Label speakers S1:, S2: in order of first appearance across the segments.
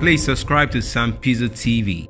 S1: Please subscribe to Sam Pizzo TV.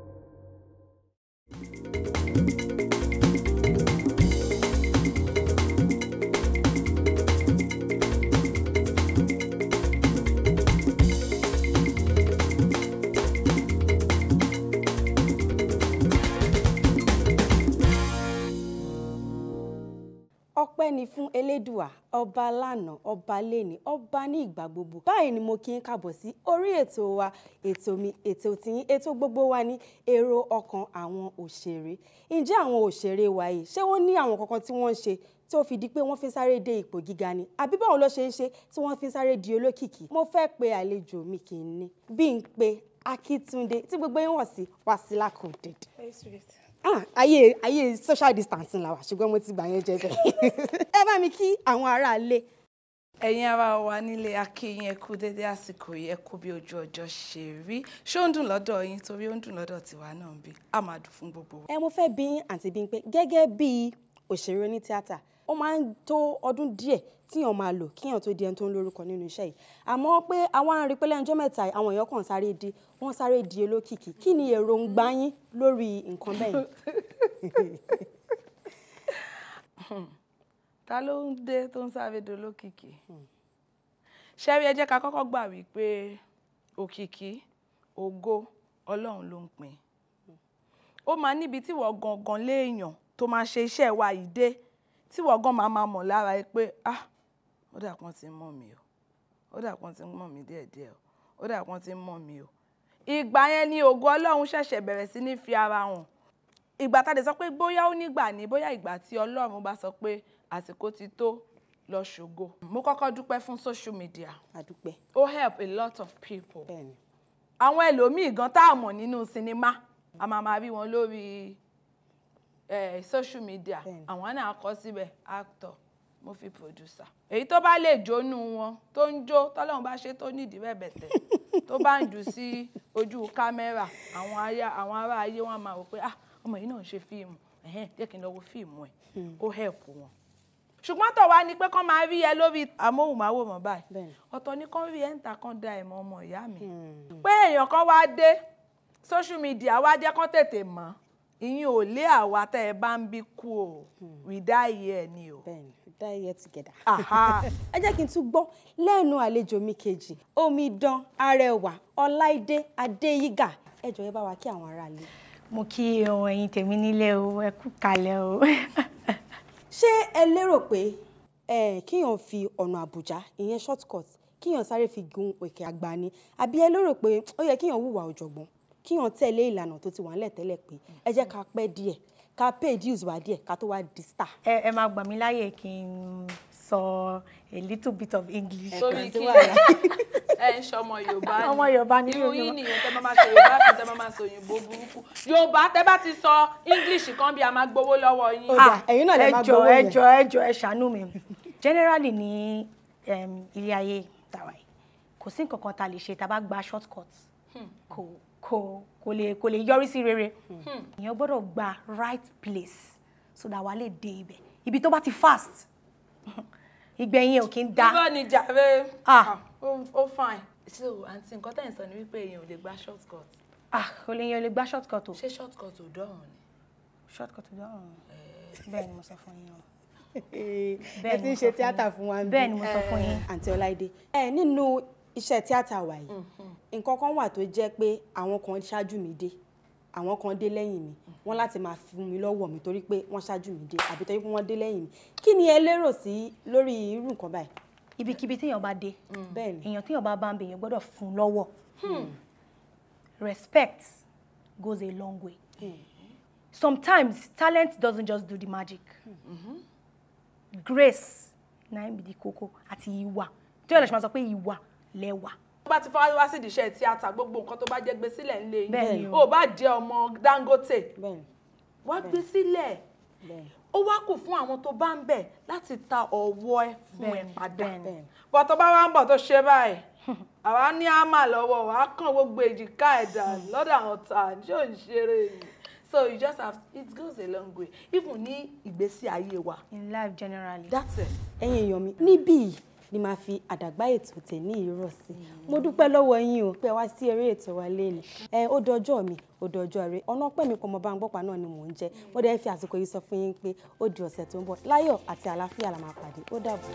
S2: elédùà ọba lánàá ọba lẹ́ni ọba ní ìgbà gbogbo báyìí ni mo kí ń kàbọ̀ sí orí ètò wa ètò mi ètò tìyín ètò gbogbo wa ní èrò ọkàn àwọn òṣèré ǹjẹ́ àwọn òṣèré wa yìí ṣé wọ́n ní àwọn kankan tí wọ́n ń ṣe tí ó fi di pé wọ́n fi sáré dé ipò gíga ni àbí báwo ló ṣe ń ṣe tí wọ́n fi sáré di olókìkí mo fẹ́ pe àlejò mi kì í ní Bímpé Akíntúndé tí gbogbo yín wọ̀ sí Wasila Coded. Hey, Ah, ayé ayé social distancing la wa ṣùgbọ́n mo ti gbà yẹn jẹjẹ
S3: ẹ bá mi kí àwọn ará ilé. ẹ̀yin ará wa nílé akíyín ẹ kú dédé àsìkò yìí ẹ kú bí ojú ọjọ́ ṣe rí ṣé ó ń dùn lọ́dọ̀ yín torí ó ń dùn lọ́dọ̀ tiwa náà bí a máa dùn fún gbogbo
S2: ẹ mo fẹ́ bí àǹtí bí pé gẹ́gẹ́ bí òṣèré oní ó máa ń tó ọdún díẹ̀ tíyàn máa lò kíyàn tó di ẹni tó ń lórúkọ nínú iṣẹ́ yìí àmọ́ pé àwọn arin pé lẹ́nu ọjọ́ mẹ́ta àwọn èèyàn kan sáré di wọ́n sáré di olókìkí kí ni èròǹgbà yín lórí nǹkan bẹ́ẹ̀
S3: ta ló ń dé tó ń sáré di olókìkí ṣẹ́rí ẹ jẹ́ ká kọ́kọ́ gbà wípé òkìkí ògo ọlọ́run ló ń pín ó máa níbi tí wọ́n gangan léèyàn tó máa ṣe iṣẹ́ wa yìí dé tí wọ́n gan máa máa mọ̀ lára ẹ pé ah ó dà kan ti mọ̀ mí o ó dà kan ti mọ̀ mí díẹ̀díẹ̀ o ó dà kan ti mọ̀ mí o ìgbà yẹn ni ògo ọlọ́run ṣẹ̀ṣẹ̀ bẹ̀rẹ̀ sí ní fi ara hàn ìgbà tá a lè sọ pé bóyá ó nígbà ni bóyá ìgbà tí ọlọ́run bá sọ pé àsìkò ti tó lọ ṣògo mo kọ́kọ́ dúpẹ́ fún social media àdúpẹ́ ó help a lot of people àwọn ẹlòmíì gan tá a mọ̀ nínú sinimá a máa máa rí wọn lórí Eh, social media àwọn náà kọ síbẹ̀ actor mo fi producer èyí tó bá lè jónú wọn tó ń jó tọ́lọ́run bá ṣe tó nídìí bẹ̀bẹ̀tẹ̀ tó bá ń jù sí ojú kámẹ́rà àwọn ará ayé wọn máa wò pé ah ọmọ yìí náà ń ṣe fíìmù ẹ̀hẹ́n jẹ́ kí n lọ wo fíìmù ẹ̀ hmm. ó help wọn ṣùgbọ́n tọ̀wá ni pé kán máa rí ẹ lórí amóhùnmáwòrán báyìí ọ̀tọ̀ ni kán rí ẹ ń ta kán da ẹ̀mọ ọmọ ìyá mi hmm. pé èèyàn kan wá dé social media wá jẹ́ kán tètè mọ̀ ìyẹn ò lé àwa tẹ́ ẹ bá ń bí kú o hmm. we die here ni o. bẹ́ẹ̀ni we die here together. ẹ jẹ́ kí
S2: n tún gbọ́ lẹ́nu àlejò mi kejì omidan arẹwà ọláìdé adéyígà ẹ jọ̀ọ́ ẹ bá wa kí àwọn aráalé. mo kí ohun ẹ̀yin tèmi nílé o ẹ kú kalẹ̀ o. ṣé ẹ lérò pé kíyàn fi ọ̀nà àbújá ìyẹn short cut kíyàn sáré fi gun òkè àgbà ni àbí ẹ lérò pé ó yẹ kíyàn hùwà ọ̀jọ̀gbọ́n kíyàn tẹ̀lé ìlànà tó ti wà ńlẹ̀ tẹ́lẹ̀ pé ẹ jẹ́ ká pẹ́ díẹ̀ ká pay dues wá díẹ̀ ká tó wá di star. ẹ ẹ máa gbà mí láyè kí n sọ a little bit of English. sórí kí
S3: ẹ ń ṣe ọmọ Yorùbá ni ọmọ Yorùbá ni irú yín nìyẹn tẹ bá máa sọ Yorùbá àti tẹ bá máa sọ òyìnbó burúkú Yorùbá tẹ bá ti sọ English kan bí a máa gbowó lọ́wọ́ yín. ẹ̀yin náà lè
S2: ẹ ṣàánú mi generally ní ilé ayé tàwa yìí kò sí nǹkan kan tá lè ṣe tá bá gba short cut hmm. kò kò kò lè kò lè yọrí sí rere hmm. Hmm. èèyàn gbọ́dọ̀ gba right place so that wàá lè dé ibẹ̀ ibi tó bá ti fast ìgbẹ̀yìn ò kí ń da. bíbá
S3: ni jàre ah. Ah, ó fine. so àǹtí nǹkan tẹ̀ ń sọ ni wípé èèyàn ò lè gba short cut. ah o lè yan ò lè gba short cut o. ṣé short cut ò dọ̀rùn ni. short cut ò dọ̀rùn eh.
S4: bẹ́ẹ̀ ni mo sọ fún yín o
S2: ẹ ti ń ṣe fún wa bẹ́ẹ̀ ni mo sọ fún eh, yín. àǹtí ọláìdé ẹ eh, nínú iṣẹ́ tíátà wà yìí
S4: mm-hmm.
S2: nǹkan kan wà tó jẹ́ pé àwọn kan ṣáájú mi dé àwọn kan dé lẹ́yìn mi mm-hmm. wọ́n láti máa fún mi lọ́wọ́ mi torí pé wọ́n ṣáájú mi dé àbí torí pé wọ́n dé lẹ́yìn mi kí ni ẹ lérò sí lórí irú nǹkan báyìí. ibikíbi téèyàn bá dé mm. èèyàn téèyàn bá bá ń bẹ èèyàn gbọ́dọ̀ fún lọ́wọ́ hmm. respect goes a long way hmm. sometimes talent doesn't just do the magic mm-hmm. grace na im be the koko àti ìwà tí yóò lè ṣe máa sọ pé ìwà lẹ́wà
S3: bá ti fọwọ́ wá sí ìdíṣẹ́ tíátà gbogbo nǹkan tó bá jẹ́ gbé sílẹ̀ ńlẹ̀ yìí ó bá jẹ́ ọmọ Dangote wá gbé sílẹ̀ ó wá kù fún àwọn tó bá ń bẹ̀ láti ta ọwọ́ ẹ fún ẹ padà bọ́ tó bá wá ń bọ̀ tó ṣe báyìí àwa ní àmà lọ́wọ́ wa kàn gbogbo èjìká ẹ̀dà lọ́dọ̀ àwọn ta ṣé ò ń ṣeré so you just have it goes a long way even
S2: ní ìgbésí ayé wa. in life generally. that's it. ẹ̀yin èèyàn mi níbí yìí ni màá fi àdàgbà ètò tèmi ìrọ̀ sí mm. mo dúpẹ́ lọ́wọ́ yín o pé wá sí eré ètò wa lẹ́nu ẹ ó dọjọ́ mi ó dọjọ́ rẹ ọ̀nà pẹ́ mi kò mọ bá ń gbọ́pàá náà ni mò ń jẹ mo dẹ́ fi àsìkò yìí sọ fún yín pé ó di ọ̀sẹ̀ tó ń bọ̀ láyọ̀ àti àlàáfíà la máa pàdé ó dàbọ̀.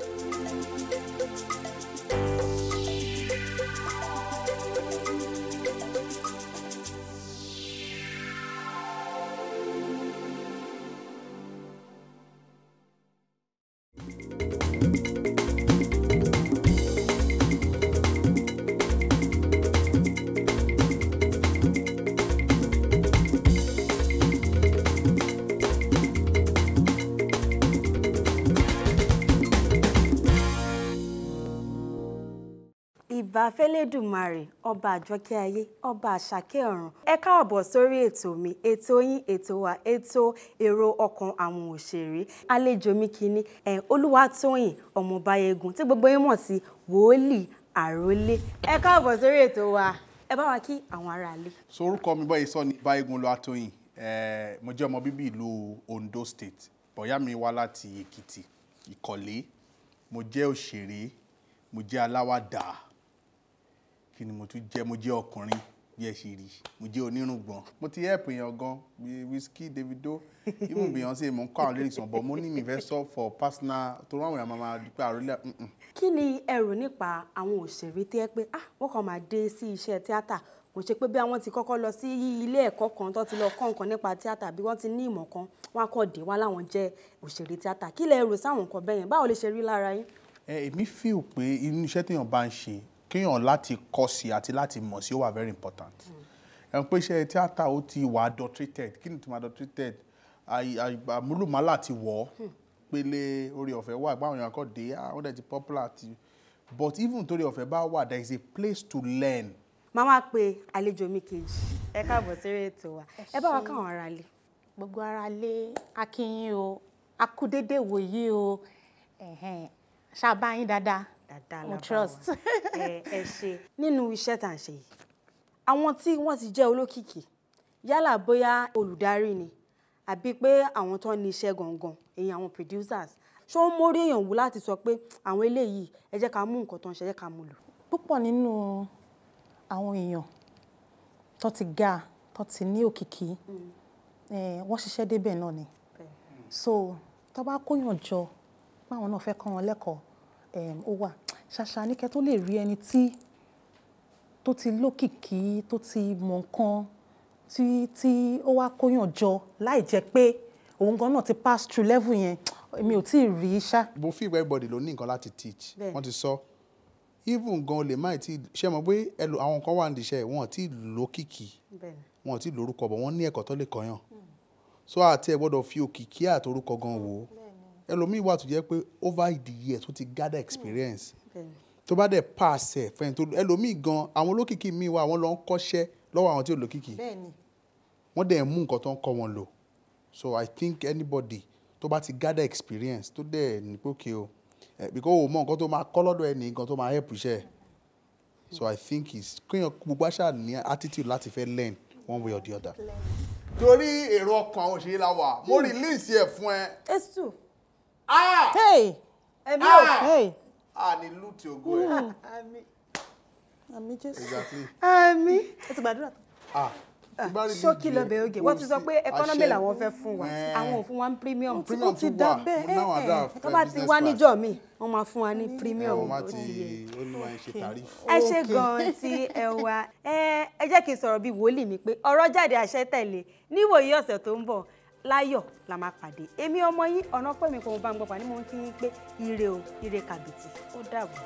S2: ọba fẹlẹdùmarè ọba àjọkẹ́ ayé ọba àṣàkẹ́ ọ̀run ẹ káàbọ̀ sórí ètò mi ètò yín ètò wa ètò èrò ọkàn àwọn òṣèré àlejò mi kínní ẹ Olúwatóyìn ọmọ Báyégún tí gbogbo yín mọ̀ sí wòólì àrólé ẹ káàbọ̀ sórí ètò wa ẹ bá wa kí àwọn aráalé.
S5: sorúkọ mi báyìí sọ ni Báyégún Olúwatóyìn mo jẹ́ ọmọ bíbí ìlú Ondo State bọ̀yá mi wá láti Èkìtì Ìkọ̀lé mo jẹ́ òṣèré mo jẹ́ aláwàdà kí ni mo tún jẹ́ mo jẹ́ ọkùnrin bí ẹ ṣe rí mo jẹ́ onírùngbọ̀n mo ti help èèyàn gan bíi Wizkid Davido even Beyonce mo ń kọ́ àwọn lyrics wọn but mo ní mi fẹ́ sọ for personal tó ráwọn èèyàn máa dúpẹ́ àròlé.
S6: kí ni
S2: ẹ̀rù nípa àwọn òṣèré tí ẹ pé ah wọ́n kàn máa dé sí iṣẹ́ tíátà kò ṣe pé bí àwọn ti kọ́kọ́ lọ sí ilé ẹ̀kọ́ kan tó ti lọ kọ́ nǹkan nípa tíátà bí wọ́n ti ní ìmọ̀ kan wọ́n á kọ́ dé wá láwọn jẹ́ òṣèré tíátà kí lẹ rò sáwọn nǹkan bẹ́yẹn báwo lè ṣe rí lára yín.
S5: ẹ èmi feel pé inú iṣẹ́ téèyàn bá ń ṣe kíyàn láti kọ́ sí àti láti mọ̀ sí ó wà very important ẹ̀ ń pé iṣẹ́ tíátà ó ti wà adulterated kí ni tí mo adulterated àmúlùmálà ti wọ̀ ọ́ hmm. pélé orí ọ̀fẹ́ wà báwọn èèyàn kọ́ àwọn dẹ̀ ti popular ti but even torí ọ̀fẹ́ bá wà there is a place to learn. màá wá pe àlejò mi
S2: kejì ẹ káàbọ̀ sórí ètò wa ẹ bá wa káwọn ara lè. gbogbo ara lé akínyìn o akúdédé wòyí o ṣàbáyín dáadáa dáadáa lábàá wa trust ẹ ṣe nínú iṣẹ́ tá à ń ṣe yìí àwọn tí wọ́n ti jẹ́ olókìkí yálà bóyá olùdarí ni àbí pé àwọn tó ní iṣẹ́ gangan èyí àwọn producers ṣó ń mórí èèyàn wù láti sọ pé àwọn eléyìí ẹ jẹ́ ká mú nǹkan tó ń ṣe ẹ jẹ́ ká mú lò.
S3: púpọ̀ nínú àwọn èèyàn
S7: tó ti ga tó ti ní òkìkí hmm. wọ́n ṣiṣẹ́ débẹ̀ náà ni so tó bá kóyàn jọ páwọn náà fẹ́ kọ́ wọn lẹ́kọ̀ọ́ ó wà ṣàṣà ní kẹ́ tó lè rí ẹni tí tó ti lókìkí tó ti mọ
S5: nǹkan tí tí ó wá kóyàn jọ láì jẹ́ pé òun gan náà ti pass through level yẹn mi ò tí ì rí ṣá. mo fi everybody ló ní nǹkan láti teach wọ́n ti sọ even gan olè má ti ṣe mọ̀ pé ẹlò àwọn kan wà nídìíṣẹ́ wọn ti lókìkí wọn ti lórúkọ bọ̀ wọ́n ní ẹ̀kọ́ tó lè kọyàn so àti ẹ̀ gbọ́dọ̀ fi òkìkí àtorúkọ gan wò ó ẹlòmíì wà tó jẹ́ pé over the years tó ti gather experience mm, tó bá dẹ̀ pass ẹ̀ fẹ́yìn tó ẹlòmíì gan àwọn olókìkí míì wà wọ́n lọ ń kọ́ṣẹ́ lọ́wọ́ àwọn tí ò lókìkí wọ́n dẹ̀ mú nǹkan tó ń kọ́ wọn lò so I think anybody tó bá ti gather experience tó dẹ̀ ní o eh, because o mọ nǹkan tó máa kọ́ lọ́dọ̀ ẹni nǹkan tó máa help iṣẹ́ so I think it's kéèyàn gbogbo àṣà ní attitude láti fẹ́ learn one way or the other. torí èrò ọkàn àwọn òṣèré la wà mo hmm. release ẹ fún ẹ. esu ẹ̀mí ò àní lùtì ògo ẹ̀.
S8: Hmm.
S2: àmín jésù àmín ẹ ti gbàdúrà
S5: tó ah, ṣókí lọ́bẹ̀ oge wọ́n ti sọ pé ẹkọ́nọ́mì làwọn fẹ́ fún wa àwọn ò
S2: fún wa ní premium tí kò ti eh, dá bẹ́ẹ̀ eh. tó bá ti wá níjọ́ mi wọ́n máa fún wa ní eh, premium ẹ ṣe gan-an ti ẹ wa ẹ jẹ́ kí n sọ̀rọ̀ bíi wòlíì mi pé ọ̀rọ̀ jáde àṣẹ tẹ̀lé níwòye ọ̀sẹ̀ tó ń bọ̀ láyọ̀ la máa pàdé èmi ọmọ yín ọ̀nà pẹ̀mí kò bá ń gbọ́ pàdé mo ń kí yín pé ire o ire kàbìtì ó dàbọ̀.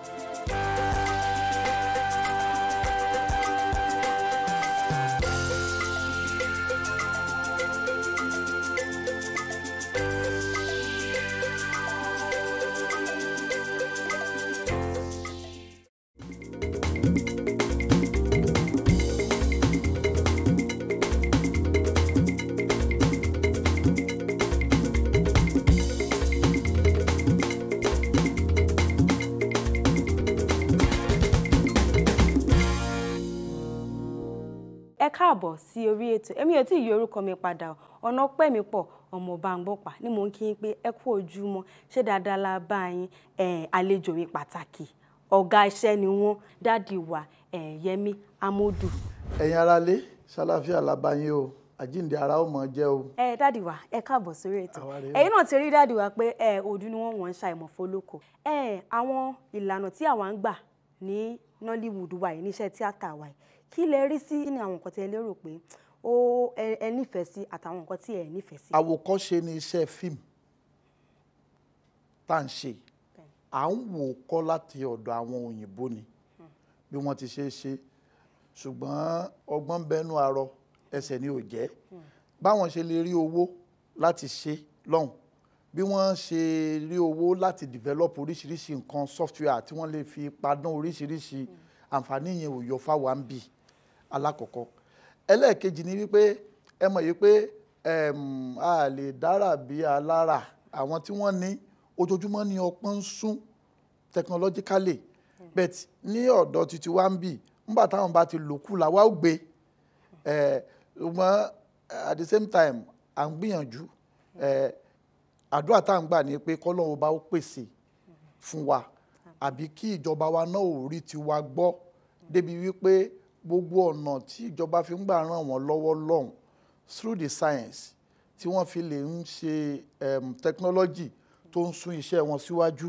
S2: orí ètò èmi ò tí ì yí orúkọ mi padà ọ̀nà pẹ́ mi pọ̀ ọmọ Bámgbọ́pà ni mò ń kí n pé ẹ kú ojúmọ́ ṣé dáadáa la bá yín àlejò mi pàtàkì ọ̀gá iṣẹ́ ni wọ́n dáàdì wa Yẹmí Amódù.
S9: ẹ̀yin aráalé ṣàlàfíà la yín o àjíǹde ara ó mọ jẹ o.
S2: ẹ dáàdì wa ẹ káàbọ̀ sórí ètò ẹ̀yin náà ti rí dáàdì wa pé ojú ni wọ́n wọ́n ń ṣàìmọ̀ fólókò àwọn ìlànà tí àwa ń gbà ní Nollywood wa yìí níṣẹ́ tíátà wa yìí kí lẹ rí sí ní àwọn nǹkan tí ẹ lérò pé ó ẹ nífẹ̀ẹ́ sí àtàwọn nǹkan tí ẹ nífẹ̀ẹ́ sí.
S9: àwòkọ́ṣe ni iṣẹ́ fíìmù tá à ń ṣe à ń wò ó kọ́ láti ọ̀dọ̀ àwọn òyìnbó ni bí wọ́n ti ṣe é ṣe ṣùgbọ́n ọgbọ́n bẹnu arọ ẹsẹ̀ ni ò jẹ́ hmm. báwọn ṣe lè rí owó láti ṣe lọ́hùn bí wọ́n ṣe rí owó láti develop oríṣiríṣi nǹkan software tí wọ́n lè fi padán oríṣiríṣi hmm. àǹfààní yẹn ò yọ fáwọn àǹbì alákọ̀ọ́kọ́ ẹlẹ́ẹ̀kejì ni wípé ẹ mọ̀ yìí pé a lè dára bí alára àwọn tí wọ́n ní ojoojúmọ́ ni ọpọ́n ń sún technologically but ní ọ̀dọ̀ títí wá ń bì nígbà táwọn bá ti lò làwa ó gbé ṣùgbọ́n at the same time à ń gbìyànjú àdúrà tá à ń gbà ní pé kọ́lọ́run bá ó pèsè fún wa àbí kí ìjọba wa náà ò rí tiwa gbọ́ débi wípé gbogbo ọ̀nà tí ìjọba fi ń gbà ràn wọ́n lọ́wọ́ lọ́hùn through the science tí wọ́n fi lè ń ṣe ehm, technology tó ń sún iṣẹ́ wọn síwájú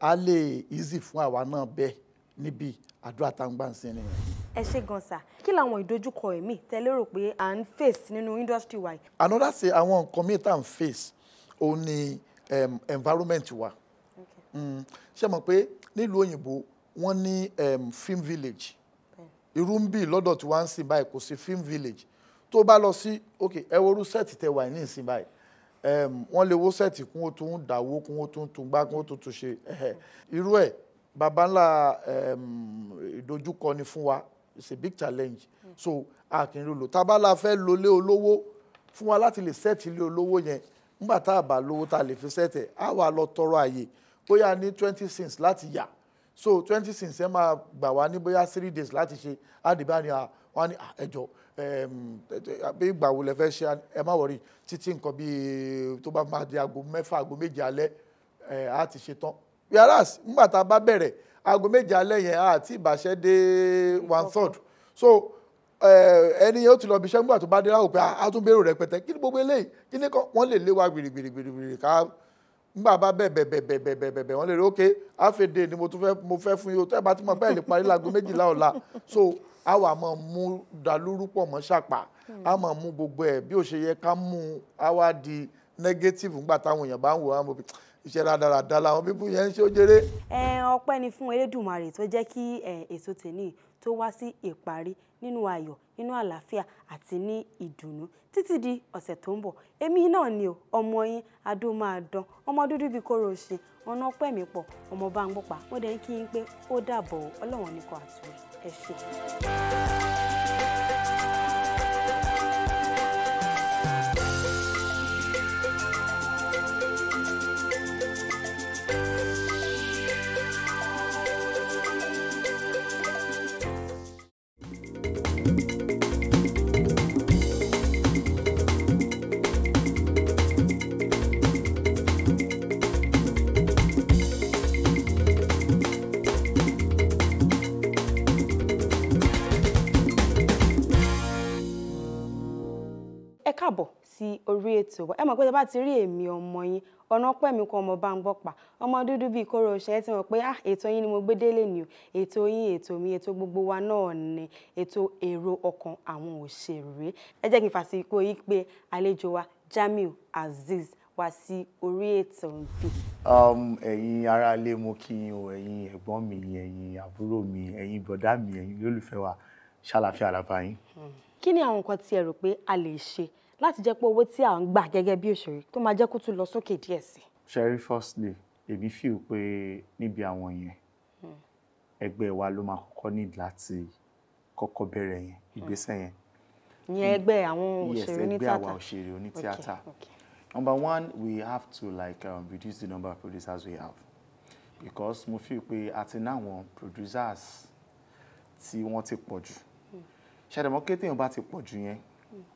S9: á lè easy fún àwa náà bẹ́ẹ̀ níbi àdúrà tá ń gbà ń sin nìyẹn.
S2: ẹ ṣe gan sa kí làwọn ìdojúkọ ẹ̀mí tẹ́lẹ̀ pé à ń face nínú industry wa.
S9: another say àwọn nǹkan míì tá à face òun ni ehm, environment wa mm. ṣe mọ̀ pé nílùú òyìnbó wọ́n ní ehm, film village irú ń bì lọ́dọ̀ tí wọ́n ń sìn báyìí kò sí film village tó bá lọ sí ok ẹ worú sẹ́ẹ̀tì tẹ wà ní ìsìn báyìí wọ́n lè wo sẹ́ẹ̀tì kún ó tún dàwó kún ó tún tún gbá kún ó tún tún ṣe irú ẹ̀ baba ńlá ìdojúkọ ni fún wa it's a big challenge so a kì í lò tábàlà fẹ́ lo lé olówó fún wa láti lè sẹ́ẹ̀tì lé olówó yẹn nígbà tá a bá lówó tá a lè fi sẹ́ẹ̀tì á wà lọ tọrọ àyè bóyá ní twenty cents láti yà so twenty six ẹ máa gbà wá ní bóyá three days láti ṣe àdìbá ni wọ́n á ní ẹjọ́ bí ìgbà wo lẹ fẹ́ ṣe ẹ má wọrí títí nǹkan bíi tó bá máa di aago mẹ́fà aago méje alẹ́ á ti ṣe tán whereas nígbà tá a bá bẹ̀rẹ̀ aago méje alẹ́ yẹn á ti ìbàṣẹ́ dé one third so ẹni yẹn ó ti lọ bí iṣẹ́ nígbà tó bá dé láwùjọ pé a tún bẹ̀rù rẹpẹtẹ kí ni gbogbo eléyìí kí ni wọ́n lè lé wa ká ngbà bá bẹ̀bẹ̀ bẹ̀bẹ̀ bẹ̀bẹ̀ bẹ̀bẹ̀ wọ́n lè rí ok àfẹ̀dẹ̀ ni mo tún fẹ́ mo fẹ́ fún yín o tẹ́ bá ti mọ bẹ́ẹ̀ lè parí láago méjìlá ọ̀la so a wà máa mú dàlúrú pọ̀ mọ́ ṣàpà a máa mú gbogbo ẹ̀ bí ó ṣe yẹ ká mú a wá di negative ngbà táwọn èèyàn bá ń wò á mọ̀ bí iṣẹ́ rádaràda làwọn bíbú yẹn ń ṣe ó jèrè.
S2: ọpẹ́ ni fún Elédùmarè tó jẹ́ kí ètò tèmi tó wá sí ìparí nínú ayọ̀ nínú àlàáfíà àti ní ìdùnnú títí di ọ̀sẹ̀ tó ń bọ̀ èmi náà ni o ọmọ yín adó máa dán ọmọ dúdú bíi kóró ṣe ọ̀nà ọpẹ́ mi pọ̀ ọmọ bá ń gbọ́pa ó dẹ̀ kí n pé ó dàbọ̀ ọlọ́run nìkan àtúwẹ̀ ẹ ṣé. orí ètò ẹ mọ̀ pé tí bá ti rí èmi ọmọ yín ọ̀nà pẹ́ mi kọ́ ọmọ bá ń gbọ́ pa ọmọ dúdú bíi kóró ọ̀ṣẹ́ ẹ ti mọ̀ pé ah ètò yín ni mo gbé délé ni o ètò yín ètò mi ètò gbogbo wa náà ni ètò èrò ọkàn àwọn òṣèré ẹ jẹ́ kí n fàsìkò yìí pé àlejò wa Jamiu Azeez wá sí orí ètò nbí.
S10: Um, ẹ̀yin aráalé mo kí yín o ẹ̀yin ẹ̀gbọ́n mi ẹ̀yin àbúrò mi ẹ̀yin bọ̀dá mi ẹ̀yin olólùfẹ́ wa ṣàlàfíà làbáyín.
S2: Hmm. kí ni àwọn nǹkan tí ẹ rò pé a lè ṣe láti jẹ́ pé owó tí à ń gbà gẹ́gẹ́ bí òṣèré tó máa jẹ́ kó tún lọ sókè díẹ̀ sí.
S10: sherry firstly èmi feel pé níbi àwọn yẹn ẹgbẹ́ wa ló máa kọ́kọ́ ní láti kọ́kọ́ bẹ̀rẹ̀ yẹn ìgbésẹ̀ yẹn.
S2: ìyẹn ẹgbẹ́ àwọn òṣèré ní tíátà yes ẹgbẹ́ àwa òṣèré
S10: number one we have to like um, reduce the number of producers we have because mo feel pé a ti producers tí wọ́n ti pọ̀ jù ṣàdàmọ́ kété yẹn bá ti pọ̀ jù yẹn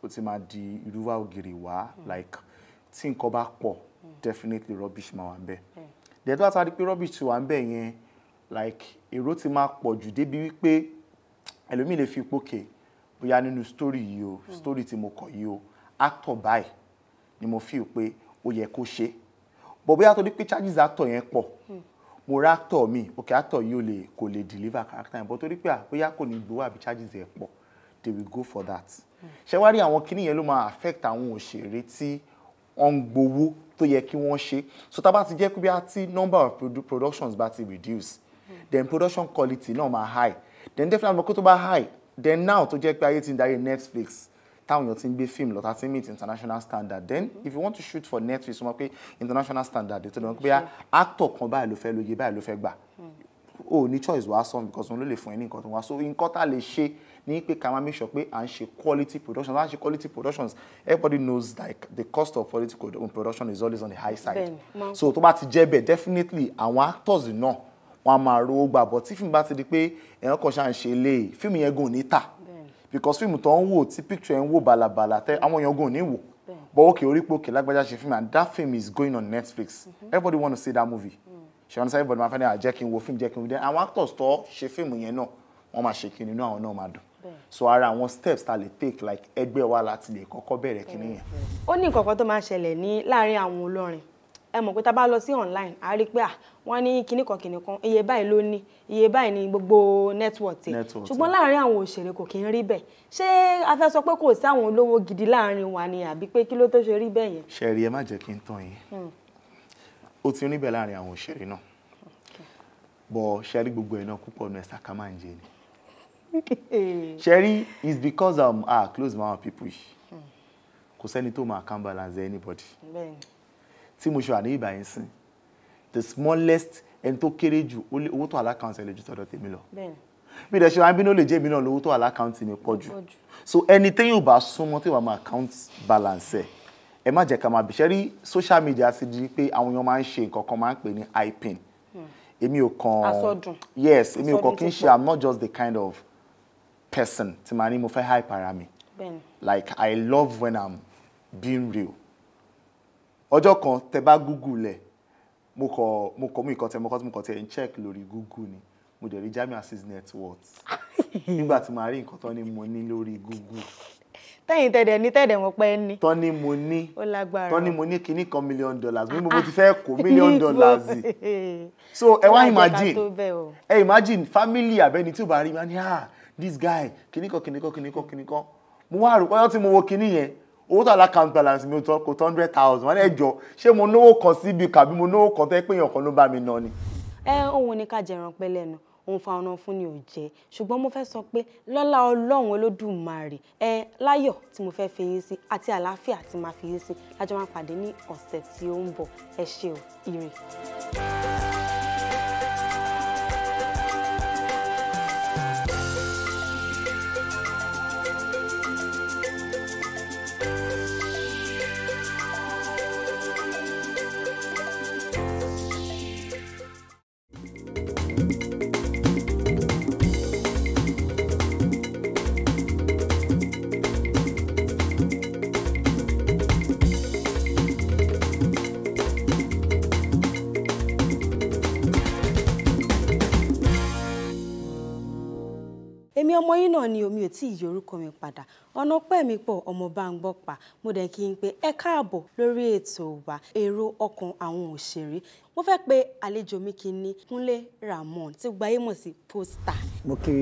S10: ó ti máa di irúwà ògiri wá hmm. like tí nǹkan bá pọ̀ hmm. definitely rubbish máa wà ń bẹ̀ dẹ̀ tó bá sáré pé rubbish ti wà ń bẹ̀ yẹn like èrò ti máa pọ̀ jù débi wípé ẹlòmíì lè fi pókè bóyá nínú story yìí o hmm. story tí mo kọ yìí o actor báyìí ni mo fi pé ó yẹ kó ṣe bọ̀ bóyá tó ní pé charges actor yẹn pọ̀ mo ra actor mi òkè okay, actor yìí ò lè kò lè deliver character yẹn bọ̀ torí pé àbóyá ah, kò ní gbowó àbí charges yẹn pọ̀ they will go for that. ṣé wá rí àwọn kíní yẹn ló máa affect àwọn òṣèré tí wọ́n ń gbowó tó yẹ kí wọ́n ṣe so tá a bá ti jẹ́ pé bí number of productions bá ti reduce then production quality náà máa high then definitely àwọn kó tó bá high then now tó jẹ́ pé ayé ti ń darí Netflix táwọn èèyàn ti ń gbé fíìmù lọ tàbí meet international standard then if you want to shoot for Netflix wọ́n pé international standard ètò ìdánwò pé actor kan báyìí ló fẹ́ lóye báyìí ló fẹ́ gbà o ní choice wàá sọ because òun ló lè fún ẹ ní nǹkan tó wá so nǹkan tá a lè ṣe ní pé ká máa make sure pé à ń ṣe quality productions à ń ṣe quality productions everybody knows like the cost of quality production is always on the high side ben, so tó bá ti jẹ́ bẹ́ẹ̀ definitely àwọn actors náà wọ́n á máa rówó gbà bọ́ tí fíìmù bá ti di pé ẹ̀yàn kan ṣáà ń ṣe eléyìí fíìmù yẹn gùn ní tà because fíìmù tó ń wò tí picture ẹ̀ ń wò bàlàbàlà tẹ àwọn èèyàn gùn ní wò bọ́ òkè orí pòkè lágbájá ṣe fíìmù and that film is going on Netflix mm -hmm. everybody wanna see that movie. Mm -hmm ṣe wọn ní sáyẹn bọ̀dọ̀ máa fẹ́ ní àjẹ́ kí n wo fíìmù jẹ́ kí n wo dé àwọn actors tó ṣe fíìmù yẹn náà wọ́n máa ṣe kíni inú àwọn náà máa dùn so ara àwọn steps ta lè take like ẹgbẹ́ wa láti lè kọ́kọ́ bẹ̀rẹ̀ ni. yẹn.
S2: ó ní nǹkan kan tó máa ṣẹlẹ̀ ní láàárín àwọn olórin ẹ mọ̀ pé tá a bá lọ sí online a rí i pé à ah, wọ́n ní kinní kan kinní kan iye báyìí ló ní iye báyìí ní gbogbo network e. tẹ̀ e. ṣùgbọ́n láàrin àwọn òṣèré kò kí ń rí bẹ́ẹ̀ ṣé a fẹ́ sọ pé kò sí àwọn olówó gidi láàrin wa ni àbí pé kí ló tó ṣe rí bẹ́ẹ̀ yẹn.
S10: ṣe rí ẹ má jẹ́ kí n tàn yín hmm ó ti rí bẹ́ẹ̀ láàrin àwọn òṣèré náà bọ̀ ṣe rí gbogbo ẹ̀ náà púpọ̀ ọ̀nà ẹ̀sà ká ń jẹ ni ṣe rí it's because um, ah close my people yìí kò sẹ́ni tó máa calm balance anybody tí mo ṣe wà ní ìbà yín sìn the smallest ẹni tó kéré jù owó tó alákàntì ẹ lè ju tọ̀dọ̀ tèmi lọ bí ìdẹ̀ṣẹ̀ wa ń bínú lè jẹ́ èmi náà lówó tó alákàntì mi pọ̀ jù so ẹni téyàn ò bá súnmọ́ tí wàá máa account balance ẹ̀ ẹ má jẹ́ ká máa bìṣẹ́ rí social media ti di pé àwọn èèyàn máa ń ṣe nǹkan kan máa ń pè ní hyping hmm. èmi ò kàn àsọdùn yes èmi ò kàn kí n ṣe i'm not just the kind of person tí màá ní mo fẹ́ hype ara mi like i love when i'm being real ọjọ́ kan tẹ bá google lẹ̀ mo kọ mo kọ mo ìkọ tẹ mo kọ tí mo kọ tẹ ń check lórí google ni mo dẹ̀ rí Jamiu Azeez net worth nígbà tí màá rí nǹkan tán ni mo ní lórí google
S2: tẹ́yìn tẹ́dẹ̀ ní tẹ́dẹ̀ mọ̀ pé ní.
S10: tọ́ni mo ní tọ́ni mo ní kinní kan million dollars mi mo ti fẹ́ kó million dollars yìí so ẹ wá imagine ẹ imagine family abẹ́ni tí o bá rí ma ní ah this guy kinní kan kinní kan kinní kan kinní kan mo wá rò pọ́yọ́ tí mo wo kinní yẹn owó tó account balance mi tó kò tó hundred thousand wọn ẹ jọ ṣé mo náwó kan síbi kàbí mo náwó kan tẹ́ pé èèyàn kan ló bá mi ná ni.
S2: ẹ ohun ni ká jẹran pẹ́ lẹ́nu òun fa ọ̀nà fún ni ò jẹ́ ṣùgbọ́n mo fẹ́ sọ pé lọ́lá ọlọ́run olódùmarè ẹ láyọ̀ tí mo fẹ́ fi yín sí àti àlàáfíà tí máa fi yín sí lájọ máa pàdé ní ọ̀sẹ̀ tí ó ń bọ̀ ẹ ṣé o ọmọ yín náà ni omi ò tí ì yí orúkọ mi padà ọ̀nà pẹ́ mi pọ̀ ọmọ bá ń gbọ́ pa mo dẹ̀ kí n pé ẹ káàbọ̀ lórí ètò wa èrò ọkàn àwọn òṣèré mo fẹ́ pe àlejò mi kí n ní Kúnlé Ramon tí gba ayé mọ̀ sí Posta.
S11: mo kí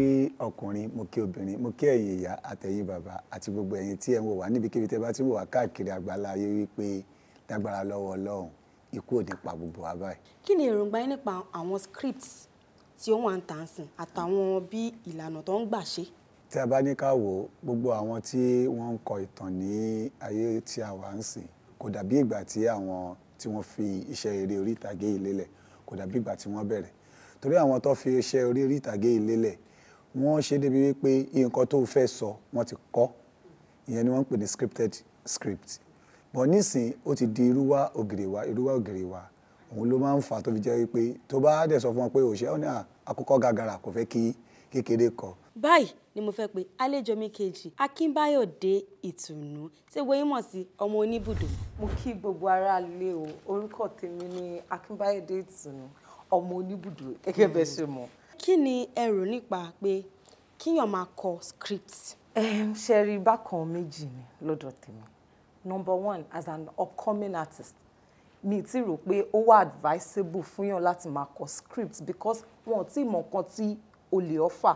S11: ọkùnrin mo kí obìnrin mo kí ẹ̀yin ìyá àtẹ̀yin bàbá àti gbogbo ẹ̀yin tí ẹ ń wò wá níbikíbi tẹ́ bá ti ń wò wá káàkiri àgbàlá ayé wípé lágbára lọ́wọ́ Ọlọ́run ikú ò ní pa gbogbo wa báyìí.
S2: kí ni èròǹgbà yín nípa àwọn scripts tí ó wà ń tà ń sìn àtàwọn bí ìlànà tó ń gbà ṣe.
S11: tí a bá ní ká wò ó gbogbo àwọn tí wọ́n ń kọ ìtàn ní ayé tí a wà ń sìn kò dàbí ìgbà tí àwọn tí wọ́n fi iṣẹ́ eré orí ìtàgé yìí kò dàbí ìgbà tí wọ́n bẹ̀rẹ̀ torí àwọn tó fi iṣẹ́ orí ìtàgé yìí lélẹ̀ ṣe débi wípé nǹkan tó fẹ́ sọ wọ́n ti kọ́ ìyẹn ni wọ́n ń pè ní scripted script bọ̀ nísìn ó ti di irúwá ògèrè wa irúwá ògèrè wa òun ló máa ń fà tó fi jẹ́ wípé tó bá dẹ̀ sọ fún wọn pé òṣè ọ̀nà àkọ́kọ́ gàgàrà kò fẹ́ kí kékeré kan.
S2: báyìí ni mo fẹ́ pe àlejò mi kejì akínbáyọ̀dé
S12: ìtùnú ṣé wọ́n mọ̀ sí ọmọ oníbùdó. mo kí gbogbo aráalé o orúkọ tèmi ni akínbáyọ̀dé ìtùnú ọmọ oníbùdó gẹ́gẹ́ bẹ́ẹ̀ ṣe mọ̀. kí ni ẹ nípa pé kíyàn máa kọ script. ṣe rí bákan méjì ni lọ́dọ̀ tèmi number one as an upcoming artist mi ti rò pé ó wà advisable fún yàn láti máa kọ script because wọn ò tí ì mọ nǹkan tí o lè ọ́fà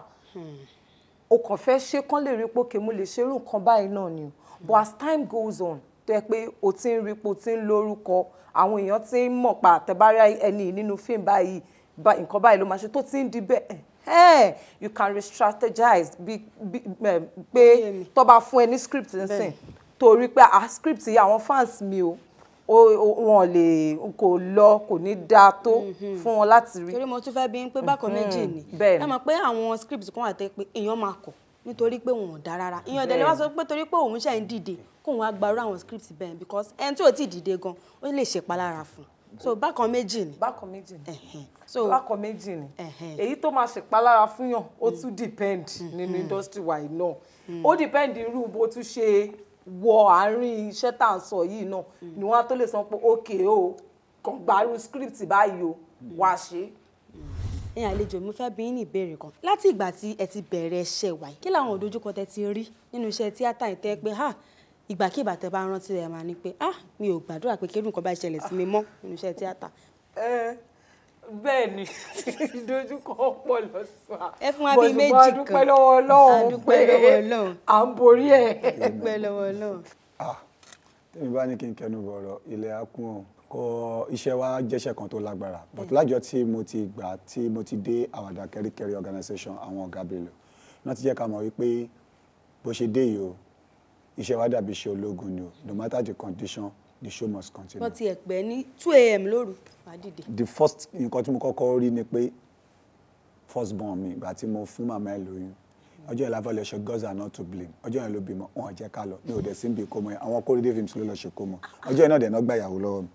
S12: o kàn fẹ́ ṣe kán lè rí pókè mo lè ṣerú nǹkan báyìí náà ni but as time goes on tó yẹ pé o ti ń ripo ti ń lórúkọ àwọn èèyàn ti ń mọ̀ pa ah, àtẹ̀bárí ẹni nínú fíìmù báyìí nǹkan báyìí ló máa ṣe tó ti ń di bẹ́ẹ̀ Hey, you can re-strategize pé tó bá fún ẹ ní script nsìn torí pé a ah, script yìí àwọn fans mi o wọn lè kò lọ kò ní dáa tó mhm. fún wọn láti rí. torí mo tún fẹ́ bí pé bákan mhm. méjì ni bẹ́ẹ̀
S2: ni pé àwọn scripts kan wà tẹ́ pé èèyàn máa kọ̀ nítorí pé wọn ò dá rárá èèyàn dẹ̀ lè wá sọ pé torí pé òun ṣe ń dìde kóun wá gbarú àwọn scripts bẹ́ẹ̀ because ẹni tí ò tí ì dìde gan ó lè ṣèpalára
S12: fún un so bákan méjì ni bákan méjì ni so bákan méjì ni èyí tó máa ṣèpalára fún yàn ó mm. tún depend nínú mm-hmm. industry wa yìí náà mm. ó depend irú bó tún ṣe wọ àárín iṣẹ́ tá à ń sọ yìí náà ni wọ́n á tó lè sọ pé ok o kàn gbárù script báyìí o wá ṣe é ẹ̀yin àlejò mi fẹ́
S2: bi yín ní ìbéèrè kan láti ìgbà tí ẹ ti bẹ̀rẹ̀ iṣẹ́ wa yìí kí làwọn òdojúkọ tẹ́ ti rí nínú iṣẹ́ tíátà yìí tẹ́ pé ha ah, ìgbàkigbà tẹ́ bá rántí ẹ máa ní pé ah mi ò gbàdúrà pé kí irú nǹkan bá ṣẹlẹ̀ sí mi mọ́ nínú iṣẹ́ tíátà.
S12: ẹ bẹ́ẹ̀ ni ìdojúkọ pọ̀ lọ́sàn-án. ẹ fún wa bíi méjì kan bọ̀dùmọ́ adúpẹ́ lọ́wọ́ Ọlọ́run
S2: pé à ń borí ẹ̀. adúpẹ́ lọ́wọ́ Ọlọ́run.
S11: Ah, tèmi bá ní kí n kẹnu bọ̀rọ̀ ilẹ̀ akún ọ̀hún kọ iṣẹ́ wa jẹ́ṣẹ́ kan tó lágbára but lájọ tí mo ti gbà tí mo ti dé àwàdà kẹ́ríkẹ́rí organisation àwọn ọ̀gá bèlò náà ti jẹ́ ká mọ̀ wípé bó ṣe dé yìí o iṣẹ́ wa dàbí iṣẹ́ ológun ni o no matter the condition the show must continue. wọ́n
S2: ti ẹ̀ pẹ́ ní two a.m. lóru wá
S11: the first nǹkan tí mo kọ́kọ́ rí ni pé first born mi ìgbà tí mo fún màmá ẹ lóyún ọjọ́ yẹn láfẹ́ lọ ṣe girls are not to blame ọjọ́ yẹn ló bímọ wọn ò jẹ́ ká lọ mi ò dẹ̀ sí ibi ìkómọ yẹn àwọn kórìdé films ló lọ ṣe kómọ ọjọ́ yẹn náà dẹ̀ náà gba ìyàwó lọ́wọ́ mi.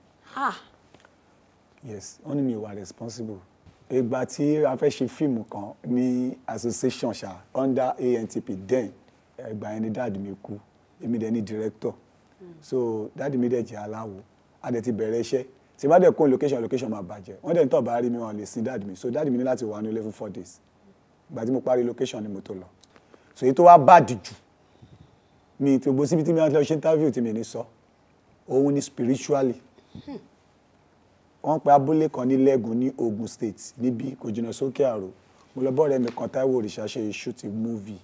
S11: yes wọ́n ní mi wà responsible ìgbà tí a fẹ́ ṣe fíìmù kan ní association ṣá under ANTP den ìgbà yẹn ni dad mi kú èmi dẹ̀ ni director so dáàdi mi dẹ̀ jẹ́ aláwo a dẹ̀ ti bẹ̀rẹ̀ iṣẹ́ tí bá dẹ̀ kún location location ma bàjẹ́ wọ́n dẹ̀ ń tọ̀ bá rí mi wọn lè sin dáàdi mi so dáàdi mi ní láti wà ní ilé fún four days ìgbà tí mo parí location ni mo tó lọ so èyí tó wá bàdì jù mi tí gbogbo síbi tí mi á lọ ṣe interview tí mi ní sọ òun ni spiritually wọ́n pe abúlé kan ní lẹ́gùn ní Ogun State níbí kò jìnnà sókè àrò mo lọ bọ́ọ̀rẹ́ mi kan Táíwò Òrìṣà ṣe shooting movie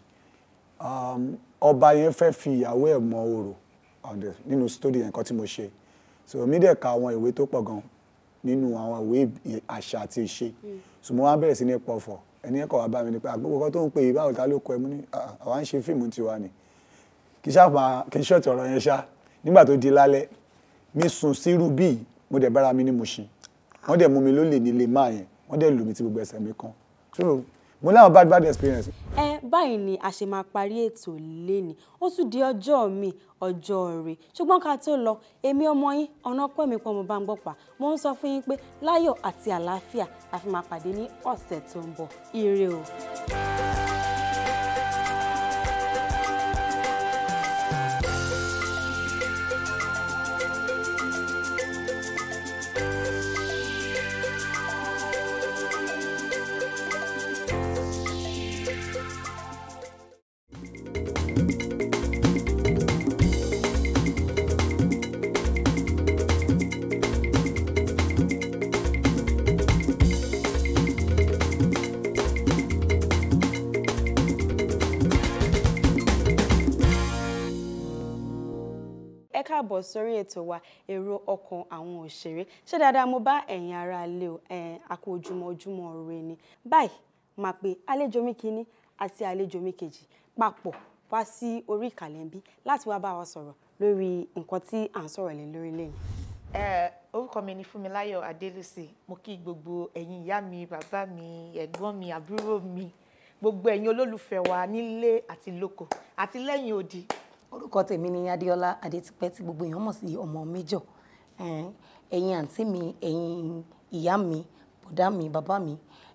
S11: um, ọba yẹn fẹ́ fi ìyàwó ẹ̀ mọ orò ọ̀dẹ̀ nínú story yẹn kan tí mo ṣe so mi dẹ̀ ka àwọn ìwé tó pọ̀ gan nínú àwọn ìwé àṣà àti ìṣe hmm. so mo wá bẹ̀rẹ̀ sí ní pọ̀fọ̀ ẹni ẹ̀kọ́ wa bá mi ni pé àgbẹ̀wò ah, kan tó ń pè é báwo ta ló kọ ẹ mú ní ah, ah, àwa ń ṣe fíìmù tiwa ni kì í ṣàpá kì í ṣọ̀tì ọ̀rọ̀ yẹn ṣá nígbà tó di lálẹ́ mi sùn sírú bíi mo dẹ̀ bára mi ní Mushin wọ́n dẹ̀ mú mi lólè nílé máa yẹn wọ́n dẹ̀ lù mí tí gbogbo ẹsẹ̀ mi kan mo láwọn bad bad experience.
S2: ẹ báyìí ni a ṣe máa parí ètò lẹ́ni ó tún di ọjọ́ mi ọjọ́ rẹ̀ ṣùgbọ́n ká tó lọ èmi ọmọ yín ọ̀nà pọ̀ mi pọ̀ mo bá ń gbọ́ pa mo ń sọ fún yín pé láyọ̀ àti àlàáfíà la máa pàdé ní ọ̀sẹ̀ tó ń bọ̀ ire o. káàbọ̀ sórí ètò wa èrò ọkàn àwọn òṣèré ṣé dáadáa mo bá ẹ̀yin ará ilé o àkó ojúmọ́ ojúmọ́ rẹ ni báyìí máa pe àlejò mi kínní àti àlejò mi kejì papọ̀ wá sí orí ìkàlẹ̀ ń bí láti wá bá wa sọ̀rọ̀ lórí nǹkan tí à ń sọ̀rọ̀ lé lórí lẹ́yìn orúkọ
S6: mi ni Fúnmiláyọ̀ Adélùsì mo kí gbogbo ẹ̀yin ìyá mi bàbá mi ẹ̀gbọ́n mi àbúrò mi gbogbo ẹ̀yin olólùfẹ́ wa nílé àti lóko àti lẹ́yìn odi
S7: orúkọ tèmi ni Adéọlá Adétípẹ́ tí gbogbo èèyàn mọ̀ sí ọmọ Méjọ̀ ẹ̀yin àǹtí mi ẹ̀yin ìyá mi bọ̀dá mi bàbá mi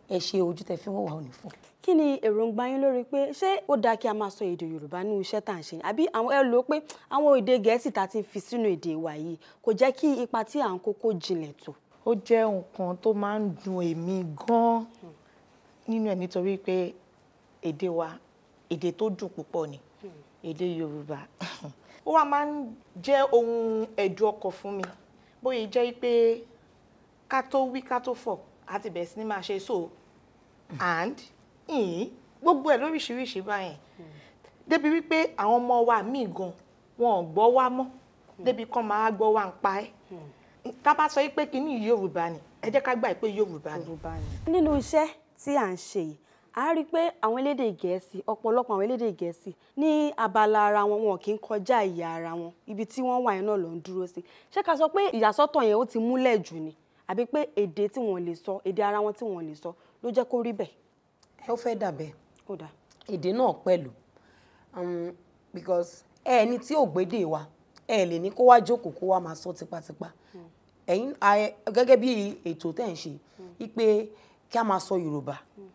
S7: ẹ ṣe ojú tẹ fi ń wà òní fún.
S2: kí ni èròǹgbà yín lórí pé ṣé ó dáa kí a máa sọ èdè Yorùbá ní iṣẹ́ tá à ń ṣe àbí àwọn ẹ lò ó pé àwọn èdè Gẹ̀ẹ́sì tá a ti fi sínú èdè wa yìí kò jẹ́ kí ipa tí à ń kókó
S6: jinlẹ̀ tó. ó jẹ́ nǹkan tó máa ń dùn èmi gan-an hmm. nínú ẹ̀ nítorí pé èdè wa èdè tó dùn púpọ̀ ni èdè Yorùbá ó wá máa ń jẹ́ ohun ẹ̀dùn ọkàn fún mi bóyá jẹ́ pé ká tó wí ká tó fọ̀ á ti bẹ̀rẹ̀ sí ní máa ṣe so and
S3: in gbogbo ẹ̀ lóríṣiríṣi báyẹn débi wípé àwọn ọmọ wa míì gan wọn ò gbọ́ wá mọ́ débi kan máa gbọ́ wá ń pa
S4: ẹ́
S3: tá bá sọ
S6: pé kínní Yorùbá ni ẹ jẹ́ ká gbà pé Yorùbá ni.
S2: nínú iṣẹ́ tí à ń ṣe yìí a rí i pé àwọn elédè gẹ̀ẹ́sì ọ̀pọ̀lọpọ̀ àwọn elédè gẹ̀ẹ́sì ní abala ara wọn wọn kì í kọjá ìyá ara wọn ibi tí wọ́n wà yẹn náà ló ń dúró sí ṣé ká sọ pé ìyàsọ́tọ̀ yẹn ó ti múlẹ̀ jù ni àbí pé èdè tí wọ́n lè sọ èdè ara wọn tí wọ́n lè sọ ló jẹ́ kó rí bẹ́ẹ̀.
S7: ó fẹ́ dàbẹ́ èdè náà pẹ̀lú um, because ẹni tí ò gbédè wa ẹ lè ní kó wá jókòó kó wá máa sọ tipátipá hmm. ẹ̀yin gẹ́gẹ́ bí ètò tẹ̀ ń ṣe hmm. wípé kí a máa sọ Yorùbá. Hmm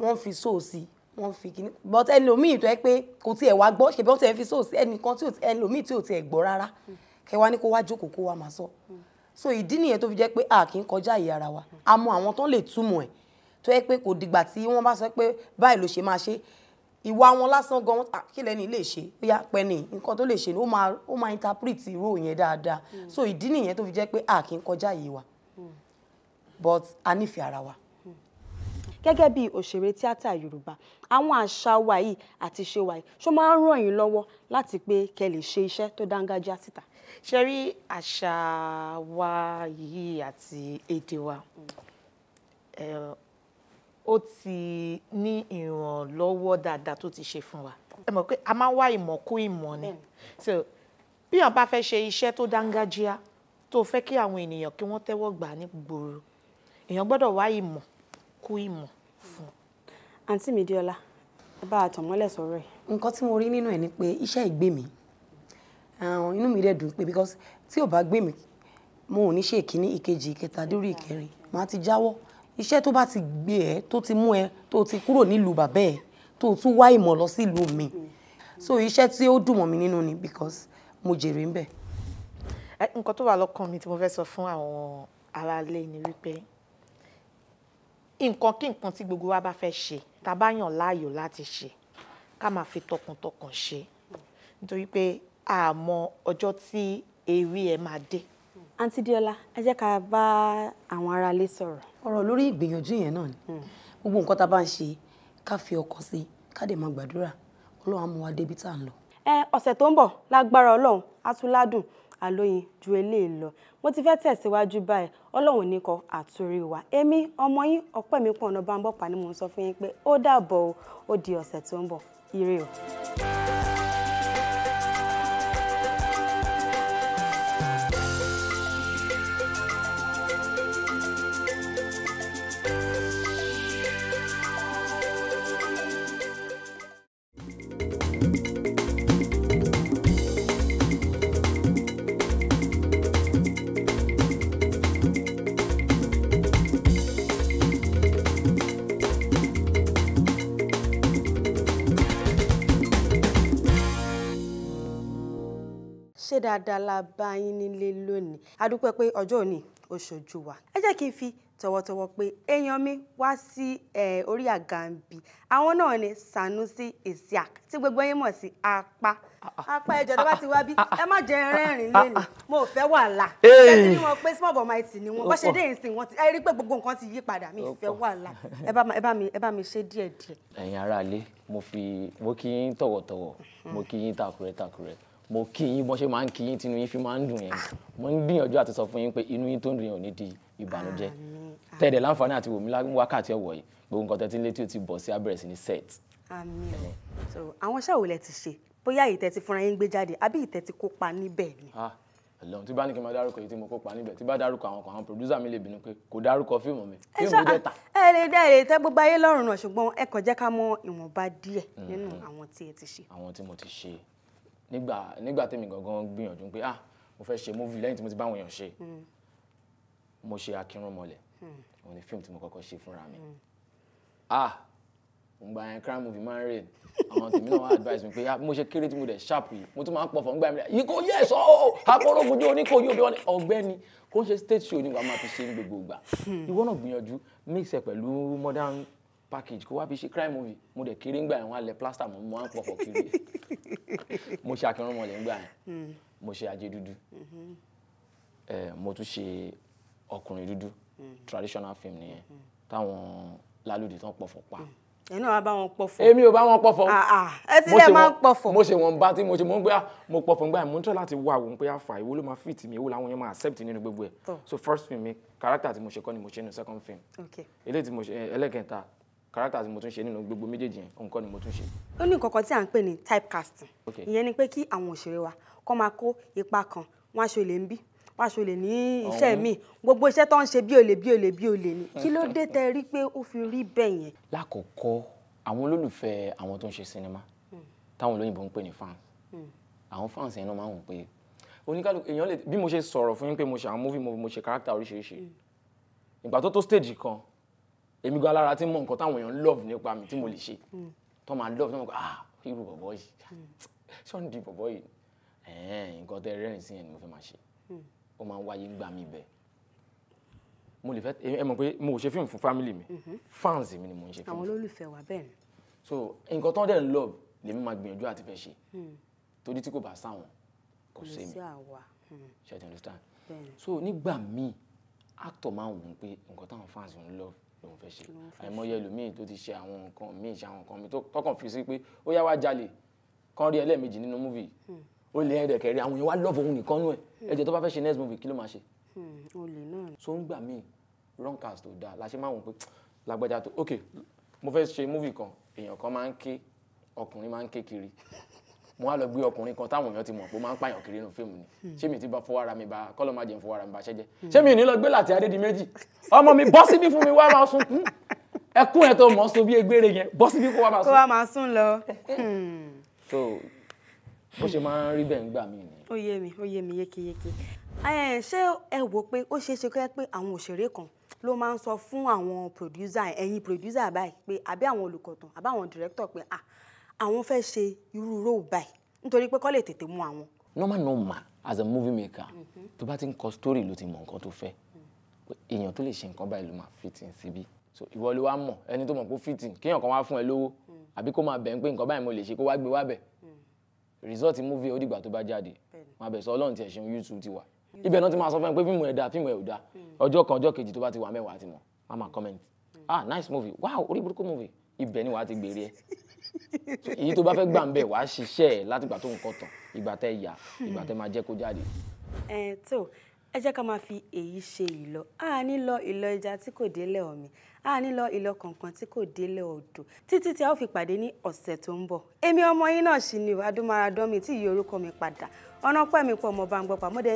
S7: wọ́n fi sóòsì wọ́n fi kíní but ẹlòmíì tó yẹ pé kò tiẹ̀ wá gbọ́ ṣèbí wọ́n tiẹ̀ fi sóòsì ẹnìkan tí ẹlòmíì tí ò tiẹ̀ gbọ́ rárá kẹ́ wá ní kó wá jókòó kó wá máa sọ so ìdí nìyẹn tó fi jẹ́ pé a kì í kọjá ìyá ara wa a mọ àwọn tó lè túmọ̀ ẹ̀ tó yẹ pé kò dìgbà tí wọ́n bá sọ pé báyìí ló ṣe máa ṣe ìwà wọn lásán gan kí lẹ́ni lè ṣe bóyá pẹ́ni nǹkan tó lè ṣe ni ó máa interpret irú yẹn dáadáa so ìdí nìyẹn tó fi jẹ́ pé a kì í kọjá ìyè wa but a nífẹ̀ẹ́ ara wa
S2: gẹ́gẹ́ bí òṣèré tíátà Yorùbá àwọn àṣà wa yìí àti ìṣe wa yìí ṣó máa ń ràn yín lọ́wọ́ láti pé kẹ lè ṣe iṣẹ́ tó dángájá síta. ṣe rí àṣà wa yìí àti èdè wa ó ti ní ìrànlọ́wọ́ dáadáa tó ti ṣe fún wa ẹ mọ̀ pé a máa ń wá ìmọ̀ kún ìmọ̀ ni so bí wọn bá fẹ́ ṣe iṣẹ́ tó dángájíá tó fẹ́ kí àwọn ènìyàn kí wọ́n tẹ́wọ́ gbà ní gbòòrò èèyàn gbọ́dọ̀ wá ìmọ̀ kún ìmọ̀ àǹtí mi diola ẹ bá a tàn mọ́lẹ̀ sọ̀rọ̀ ẹ̀.
S7: nǹkan tí mo rí nínú ẹ̀ ni pé iṣẹ́ ìgbé mi inú mi dẹ̀ dùn pé because tí ò bá gbé mi mo ò ní ṣe ìkíní ìkejì ìkẹta dórí ìkẹrin màá ti jáwọ́ iṣẹ́ tó bá ti gbé ẹ tó ti mú ẹ tó ti kúrò nílùú bàbá ẹ tó tún wá ìmọ̀ lọ sílùú mi so iṣẹ́ tí ó dùn mọ́ mi nínú ni because mo jèrè ń bẹ̀.
S6: nǹkan tó wà lọ́kàn mi tí mo fẹ́ sọ fún àwọn aráalé ni wípé nǹkan kí nǹkan tí
S2: gbogbo wa bá fẹ́ ṣe tá a bá yàn láàyò láti ṣe ká máa fi tọkàntọkàn ṣe nítorí pé a mọ ọjọ́ tí ewì ẹ máa dé. àǹtí diola ẹ jẹ́ ká bá àwọn aráalé sọ̀rọ̀.
S7: ọ̀rọ̀ lórí ìgbìyànjú yẹn náà ni hmm. gbogbo nǹkan tá a bá ń ṣe ká fi ọkàn sí ká dẹ̀ máa gbàdúrà ọlọ́run á mú wa débi tá à ń lọ.
S2: ọ̀sẹ̀ tó ń bọ̀ lágbára ọlọ́run á tún ládùn alóyin ju eléyìí lọ mo ti fẹ́ tẹ̀síwájú báyìí ọlọ́run ní kọ àtúrí wa èmi ọmọ yín ọpẹ́ mi pọ̀ ọ̀nà bá ń bọ̀ pa ni mò ń sọ fún yín pé ó dàbọ̀ ó di ọ̀sẹ̀ tó ń bọ̀ ire o. ṣé dáadáa la bá yín nílé lónìí a dúpẹ́ pé ọjọ́ òní ó wa ẹ jẹ́ kí n fi tọwọ́tọwọ́ pé èèyàn mi wá sí orí àgàǹbì àwọn náà ni Sanusi Isiaq tí gbogbo yín mọ̀ sí apá apá ẹjọ́ tó bá ti wá bí ẹ má jẹ rẹ́rìn lẹ́nu mo ò fẹ́ wàhálà ẹ ti wọn pé small but mighty ni wọn bó ṣe dé ìsìn wọn ti ẹ rí pé gbogbo nǹkan ti yí padà mi ìfẹ́ wàhálà ẹ bá mi ṣe díẹ̀díẹ̀.
S13: ẹ̀yin aráalé mo fi mo kí yín tọ̀wọ̀tọ̀wọ̀ mo kí yín tàkùrẹ́tàkùrẹ́ mo kí yín bọ́n ṣe máa ń kí yín tinú yín fi máa ń dùn yẹn ah. mo ń gbìyànjú àti sọ fún yín pé inú yín tó ń dùn yẹn ò ní di ìbànújẹ́ tẹ̀dẹ̀ láǹfààní àti wòmí wákàtí ọ̀wọ̀ yìí gbogbo nǹkan tẹ́tí létí ó ti bọ̀ sí abẹ́rẹ́ sí ní set.
S2: àmín so àwọn ṣáà wò lẹ ti ṣe bóyá ìtẹ́tí fúnra yín gbé jáde àbí ìtẹ́tí kópa níbẹ̀
S13: ni. Ọlọ́run ah, tí bá ní kí n máa dárúkọ yìí tí mo kópa níbẹ̀ tí bá dárúkọ àwọn kan àwọn producer mi lè bínú pé kò dárúkọ fíìmù mi fíìmù mi dẹ́ta.
S2: ẹ lè dá èrè tẹ gbogbo ayé lọ́rùn náà ṣùgbọ́n ẹ kàn jẹ́ ká mọ ìwọ̀nba díẹ̀
S13: mm-hmm. nínú àwọn tí ẹ ti ṣe. àwọn tí mo ti ṣe nígbà nígbà tèmi gangan gbìyànjú pé ah mo fẹ́ ṣe movie lẹ́yìn tí mo ti bá àwọn èèyàn ṣe hmm. mo ṣe Akínrúnmọlẹ̀ hmm. òun ni fíìmù tí mo kọ́kọ́ ṣe fúnra mi hmm. ah ngbà yẹn crime movie man. Rain. rè àwọn tèmi náà wá advice mi pé ah, mo ṣe kéré tí mo dẹ̀ sharp yìí mo tún máa ń pọ̀ fọ̀ ngbà mi yìí kò yẹ sọ ọ́ akọ́rọ́gùn jó ní kò yóò bí wọ́n ní ọ̀gbẹ́ni kò ń ṣe stage show nígbà máa fi ṣe ní gbogbo ìgbà ìwọ náà gbìyànjú mix ẹ pẹ̀lú modern package kó wá fi ṣe crime movie mo dẹ̀ kéré ńgbà yẹn wọn alẹ́ plaster mọ́ mo máa ń pọ̀fọ̀ kiri mo ṣe akínrún mọ̀lẹ́ ńgbà yẹn hmm. mo ṣe ajé dúdú hmm. eh, mo tún ṣe ọkùnrin dúdú hmm. traditional film nìyẹn táwọn lálùdí tán pọ̀fọ̀ pa. ẹ náà wá bá wọn pọ̀fọ̀. èmi ò bá wọn pọ̀fọ̀.
S3: Ah, ah. ẹ ti lè máa
S13: ń pọ̀fọ̀. mo ṣe wọn bá tí mo ṣe mo ń gbé ah, mo pọ̀fọ̀ ńgbà yẹn mo ń tọ́ láti wá àwọn pé àfà ìwo ló máa fit mi èwo làwọn yẹn máa accept nínú gbogbo ẹ̀ so first film mi character ti mo ṣe kọ́ ni mo ṣe nínú second film eléyìí tí mo ṣe eh, ẹlẹ́kẹta character tí mo tún ṣe nínú gbogbo méjèèjì yẹn òun ni mo tún ṣe.
S2: ó ní nǹkan kan tí à ń pè typecasting ìyẹn ni pé kí àwọn òṣèré wa kọ́ máa kó ipa kan wọ́n aṣọ ilé ń bí wọ́n aṣọ ilé ní iṣẹ́ mi gbogbo iṣẹ́ tó ń ṣe bí olè bí olè bí olè ni kí ló dé tẹ rí pé ó fi rí bẹ́ẹ̀ yẹn.
S13: lákọ̀ọ́kọ́ àwọn olólùfẹ́ àwọn tó ń ṣe sinimá hmm. táwọn olóyìnbó ń pè ní fans hmm. àwọn fans yẹn náà máa ń wò pé èèyàn lè bí mo ṣe sọ̀rọ̀ fún yín pé mo ṣe àwọn movie mo ṣe character oríṣiríṣi hmm. ìgbà tó tó stage kan èmi gan alára tí mọ nǹkan táwọn èèyàn love nípa mi tí mo lè ṣe hmm. tó máa love tó máa gbà ah irú bọ̀bọ̀ yìí hmm. ṣọ́n di bọ̀bọ̀ yìí nǹkan tẹ rẹ́rìn sí yẹn ni mo fẹ́ máa ṣe hmm. ó máa ń wáyé ń gbà mí bẹ́ẹ̀ mo lè fẹ́ ẹ mọ̀ pé mo ò ṣe fíìmù fún family mi fans mi ni mo ń ṣe fíìmù àwọn
S3: olólùfẹ́ wa bẹ́ẹ̀ ni.
S13: so nǹkan tó ń dẹ̀ ń love lèmi máa gbìyànjú àti fẹ́ ṣe torí tí kò bá sáwọn kò sí mi ṣe ti understand so nígbà míì actor máa ń wù ú pé nǹkan táwọn fans ń love lòun fẹ́ ṣe àìmọye ẹlòmíì tó ti ṣe àwọn nǹkan míì ṣe àwọn nǹkan míì tọkàn fi sí pé ó yá wá jalè kán rí ẹlẹ́ẹ̀mejì nínú múvì hmm. ó lè ẹ̀rẹ̀ kẹrin àwọn èèyàn wá lọ́ọ̀fù òun nìkan nú ẹ̀ ẹ̀jẹ̀ tó bá fẹ́ ṣe next movie kí ló máa ṣe. olè hmm, náà. so ń gbà míì wrong cast ò dáa la ṣe máa wò pé lágbájá tó ok mo fẹ́ ṣe múvì kan èèyàn kan máa ń ké ọkùnrin máa ń ké kiri mo wá lọ gbé ọkùnrin kan táwọn èèyàn ti mọ̀ pé ó máa ń pààyàn kiri nínú fíìmù ni ṣé mi ti bá fọwọ́ ara mi ba kọ́lọ́ máa jẹun fọwọ́ ara mi ba ṣẹ́jẹ́ ṣé mi ò ní lọ gbé láti Adédìméjì ọmọ mi bọ́ síbí fún mi wá máa sunkún ẹkún ẹ̀ tó mọ̀ sọ bí egbére yẹn bọ́ síbí kó wá máa sún. kó wá
S2: máa sún lọ.
S13: so bó ṣe máa ń rí bẹ́ẹ̀ ń gbà mí ni.
S2: ó yé mi ó yé mi yékéyéké ṣé ẹ wò ló máa ń sọ fún àwọn producer ẹ̀yin producer báyìí pé àbí àwọn olùkọ̀tàn àbí àwọn director pé ah àwọn fẹ́ ṣe irú role báyìí nítorí pé kó lè tètè mú àwọn.
S13: normal normal as a movie maker mhm. tó bá ti ń kọ story ló ti mọ nǹkan tó fẹ́ mm. èèyàn tó lè ṣe nǹkan báyìí ló máa fit in síbí so ìwọ ló wá mọ̀ ẹni tó mọ̀ kó fit in kéèyàn kan wá fún ẹ lówó mm. àbí kó máa bẹ̀ ń pé nǹkan báyìí mo lè ṣe kó wá gbé wá bẹ̀ mm. result movie ó dìgbà tó bá jáde máa bẹ̀ sọ ọlọ́run ti ẹ̀ṣin youtube ti wà ibẹ̀ náà ti máa sọ fún ẹ pé fíìmù ẹ̀ dáa fíìmù ẹ̀ ò dáa ọjọ́ kan ọjọ́ kejì tó bá ti wà mẹ́wàá ti mọ̀ máa máa comment ah nice movie wow orí burúkú movie ibẹ̀ ni wàá ti gbèrè ẹ èyí tó bá fẹ́ gbà ń bẹ̀ wàá ṣiṣẹ́ ẹ̀ látìgbà tó ń kọ́ tán ìgbà tẹ́ yà ìgbà tẹ́ máa jẹ́ kó jáde.
S2: ẹ tó ẹ jẹ́ ká máa fi èyí ṣe ìlọ a lọ ìlọ ẹja tí kò délẹ̀ omi a ní lọ ìlọ kọ̀ọ̀kan tí kò délẹ̀ odò títí tí a ó fi pàdé ní ọ̀sẹ̀ tó ń bọ̀ èmi ọmọ yín náà sì ni adúmáradán mi tí ìyí orúkọ mi padà ọ̀nà pẹ̀mí pọ̀ mọ́ bá ń gbọ́ pàmòdé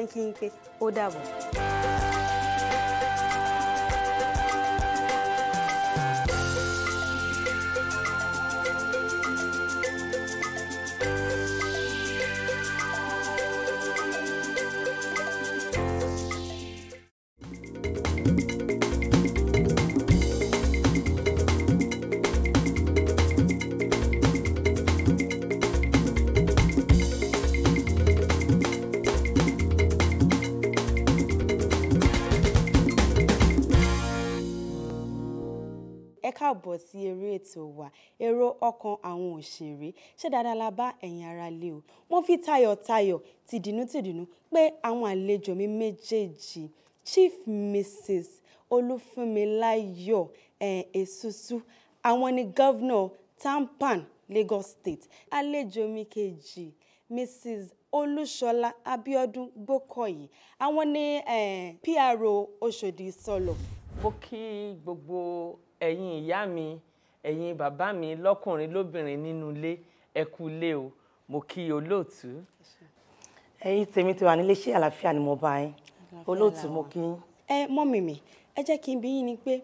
S2: káàbọ̀ sí eré ètò wa èrò ọkàn àwọn òṣèré ṣé dáadáa la bá ẹ̀yin ara lé o wọ́n fi tayọ̀tayọ̀ tìdùnnútìdùnnú pé àwọn àlejò mi méjèèjì Chief Mrs. Olúfúnmiláyọ̀ Èsúsú eh, àwọn ni gọ́vnà Tampan Lagos State àlejò mi kejì Mrs. Olúṣọlá Abiodun Gbókọ̀yí àwọn ni eh,
S14: PRO Òṣòdì Sọlọ. mo kí gbogbo ẹ̀yin ìyá mi ẹ̀yin bàbá mi lọ́kùnrin lóbìnrin nínú ilé ẹ kú ilé o mo kí olóòtú.
S7: ẹ̀yin tèmi ti wà nílé ṣé àlàáfíà ni mo bá yín olóòtú mo kí
S2: yín. ẹ mọ́ mi mi ẹ jẹ́ kí n bi yín ni pé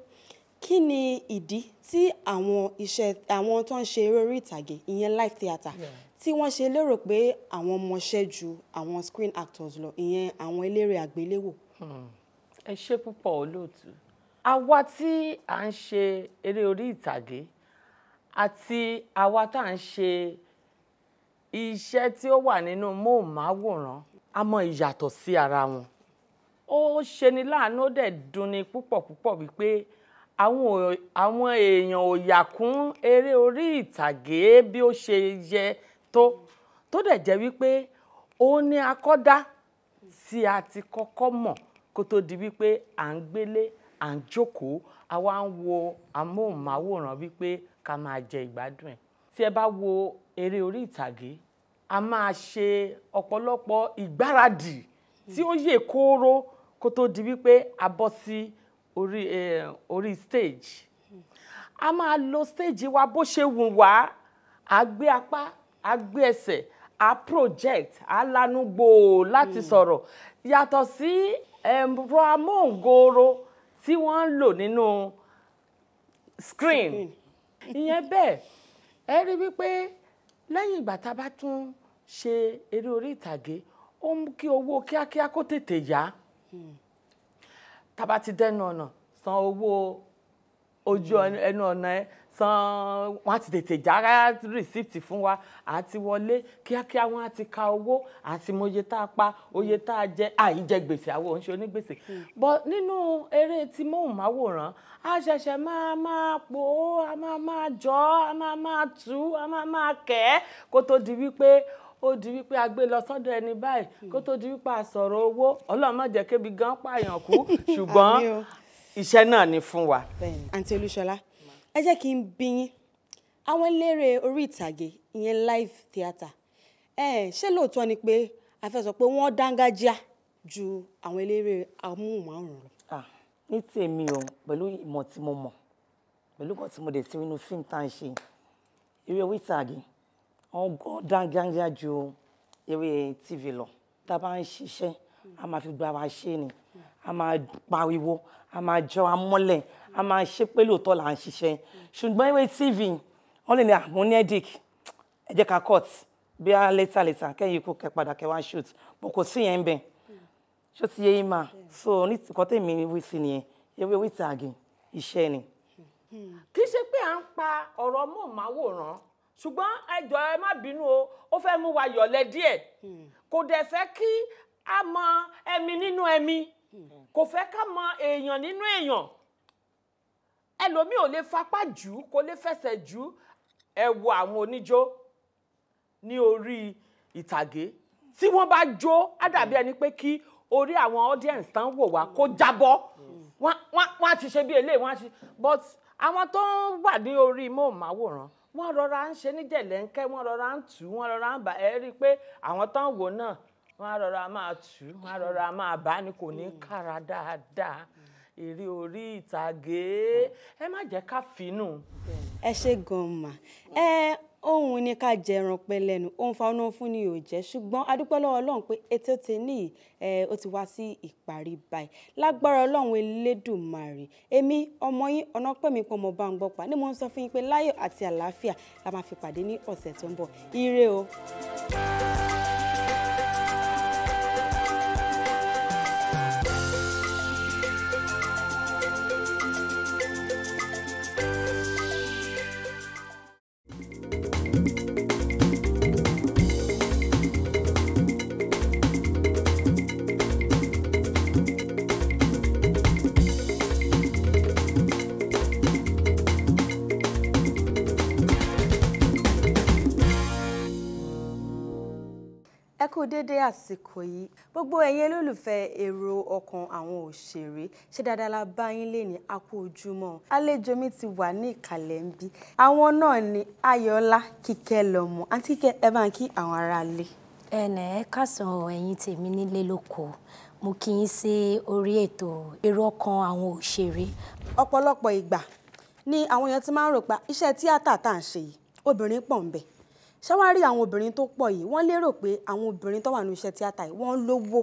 S2: kí ni ìdí tí àwọn iṣẹ́ àwọn tó ń ṣe eré orí ìtàgé ìyẹn live theatre tí wọ́n ṣe lérò pé àwọn mọṣẹ́ ju àwọn screen actors lọ ìyẹn àwọn eléré àgbéléwò. Hmm.
S14: ẹ ṣé púpọ̀ olóòtú àwa tí à ń ṣe eré orí ìtàgé àti àwa tá à ń ṣe iṣẹ́ tí ó wà nínú móhùnmáwòrán a mọ ìyàtọ̀ sí ara wọn ó ṣeni láàánú ó dẹ̀ dunni púpọ̀ púpọ̀ wípé àwọn èèyàn ò yà kún eré orí ìtàgé bí ó ṣe yẹ tó tó dẹ̀ jẹ́ wípé òun ni akọ́dá tí a ti kọ́kọ́ mọ̀ kó tó di wípé à ń gbélé à ń jókòó a wá ń wo amóhùnmáwòrán wípé ká máa jẹ ìgbádùn ẹ̀ tí ẹ bá wo eré orí ìtàgé a máa ṣe ọ̀pọ̀lọpọ̀ ìgbáradì tí ó yè kóró kó tó di wípé a bọ́ sí orí orí stage a máa lo stage wa bó ṣe wù wá a gbé apá a gbé ẹsẹ̀ a project a lanu gbòò láti hmm. sọ̀rọ̀ yàtọ̀ sí ẹ̀rọ amóhùngòòrò. Mm tí wọ́n ń lò nínú screen ìyẹn bẹ́ẹ̀ ẹ rí wípé lẹ́yìn ìgbà tá a bá tún ṣe eré orí ìtàgé ó mú kí owó kíákíá kó tètè yá hmm. tá a bá ti dẹnu ọ̀nà san owó ojú hmm. ẹnu ọ̀nà ẹ san wọn á ti tètè já rìsíìtì fún wa àti wọlé kíákíá wọn á ti ka owó àti mọye tá a pa oye tá a jẹ àìjẹ gbèsè àwọn òun ṣe onígbèsè hmm. bọ nínú eré tí móhùnmáwòrán a ṣẹ̀ṣẹ̀ máa máa pò ó a máa máa jọ ọ́ a máa máa tú a máa máa kẹ́ ẹ́ kó tó di wípé ó di wípé a gbé lọ sọ́dọ̀ ẹni báyìí hmm. kó tó di wípé a sọ̀rọ̀ owó ọlọ́run má jẹ́ kébi gan pààyàn kú ṣùgbọ́n iṣẹ́ náà ni fún wa. àǹtí olúṣọlá ẹ jẹ́ kí n
S2: bi yín àwọn eléré orí ìtàgé ìyẹn live theatre ṣé lóòótọ́ ni pé a fẹ́ sọ pé wọ́n dángájíá ju àwọn eléré amóhùnmáwòrán
S7: lọ. ní tèmi o pẹ̀lú ìmọ̀ tí mo mọ̀ pẹ̀lú nǹkan tí mo dẹ̀ ti rí inú fíìmù tá à ń ṣe eré orí ìtàgé wọn dángájíá ju eré tv lọ tá a bá ń ṣiṣẹ́ a máa fi gba wa ṣe ni a máa pariwo a máa jọra mọ́lẹ̀ a máa ṣe pé lóòótọ́ là ń ṣiṣẹ́ ṣùgbọ́n ewé tv wọ́n lè ní àmúnẹ́dìk ah, ẹ jẹ́ ká cut bí a later later kẹ́yìn ikú kẹ́ padà kẹ́ wá shoot bó kò sí yẹn ń bẹ̀ ṣó ti yẹ yín mà so ní nǹkan tèmi wí sí nìyẹn ewé wí tààgì iṣẹ́ ni.
S14: kì í ṣe pé à ń pa ọ̀rọ̀ mọ̀ọ́máwòrán ṣùgbọ́n ẹ jọ̀ọ́ ẹ má bínú o ó fẹ́ mú wa yọ̀lẹ̀ díẹ̀ kò dẹ̀ fẹ́ kí a mọ ẹ̀mí nínú ẹ̀mí kò fẹ́ ká mọ èèyàn nínú èèyàn ẹlòmíì ò lè fapá jù ú kò lè fẹsẹ̀ jù ú ẹ wo àwọn oníjó ní orí ìtàgé tí wọ́n bá jó á dàbí ẹni pé kí orí àwọn audience tán wò wá kó jábọ́ wọ́n á ti ṣe bí eléyìí wọ́n á ti but àwọn tó ń wà ní orí móhùnmáwòrán wọ́n rọra ń ṣe níjẹ̀lẹ́ńkẹ́ wọ́n rọra ń tù wọ́n rọra ń bà ẹ́ rí i pé àwọn tán wò náà wọ́n á rọra máa tù ú wọ́n á rọra máa bá ní kò ní mm. kára dáadáa èrè mm. orí ìtàgé mm. ẹ má jẹ́ ká finú.
S2: ẹ ṣe gan-an mà ẹ ohun ni ká jẹran pẹ́ lẹ́nu ohun fa ọ̀nà fún ni ò jẹ́ ṣùgbọ́n adúpẹ́ lọ́wọ́ ọlọ́run pé ètò tèmi ẹ ó ti wá sí ìparí báyìí lágbára ọlọ́run elédùnmarè èmi ọmọ yín ọ̀nà pẹ̀mí pọmọ bá ń gbọ́ pa ni mo ń sọ fún yín pé láyọ̀ àti àlàáfíà la máa fi pàdé ní ọ̀sẹ̀ tó ń bọ̀ ire o. dédé àsìkò yìí gbogbo ẹ̀yin olólùfẹ́ èrò ọkàn àwọn òṣèré ṣé dáadáa la bá yín lè ní a kú ojúmọ́ àlejò mi ti wà ní ìkàlẹ̀ ń bí
S15: àwọn náà ni ayọ̀ọ́lá kíkẹ́ lọ́mọ àti kíkẹ́ ẹ bá ń kí àwọn aráalé. ẹnẹ ẹ kásán ẹ̀yin tèmi nílé lóko mo kí yín sí orí ètò èrò ọkàn àwọn òṣèré. ọ̀pọ̀lọpọ̀ ìgbà ni àwọn èèyàn ti máa ń rò pa
S2: iṣẹ́ tíátà tá à ń ṣe yìí obìnrin pọ̀ ń bẹ̀ ṣáwárí àwọn obìnrin tó pọ̀ yìí wọ́n lérò pé àwọn obìnrin tó wà ní iṣẹ́ tíátà yìí wọ́n lówó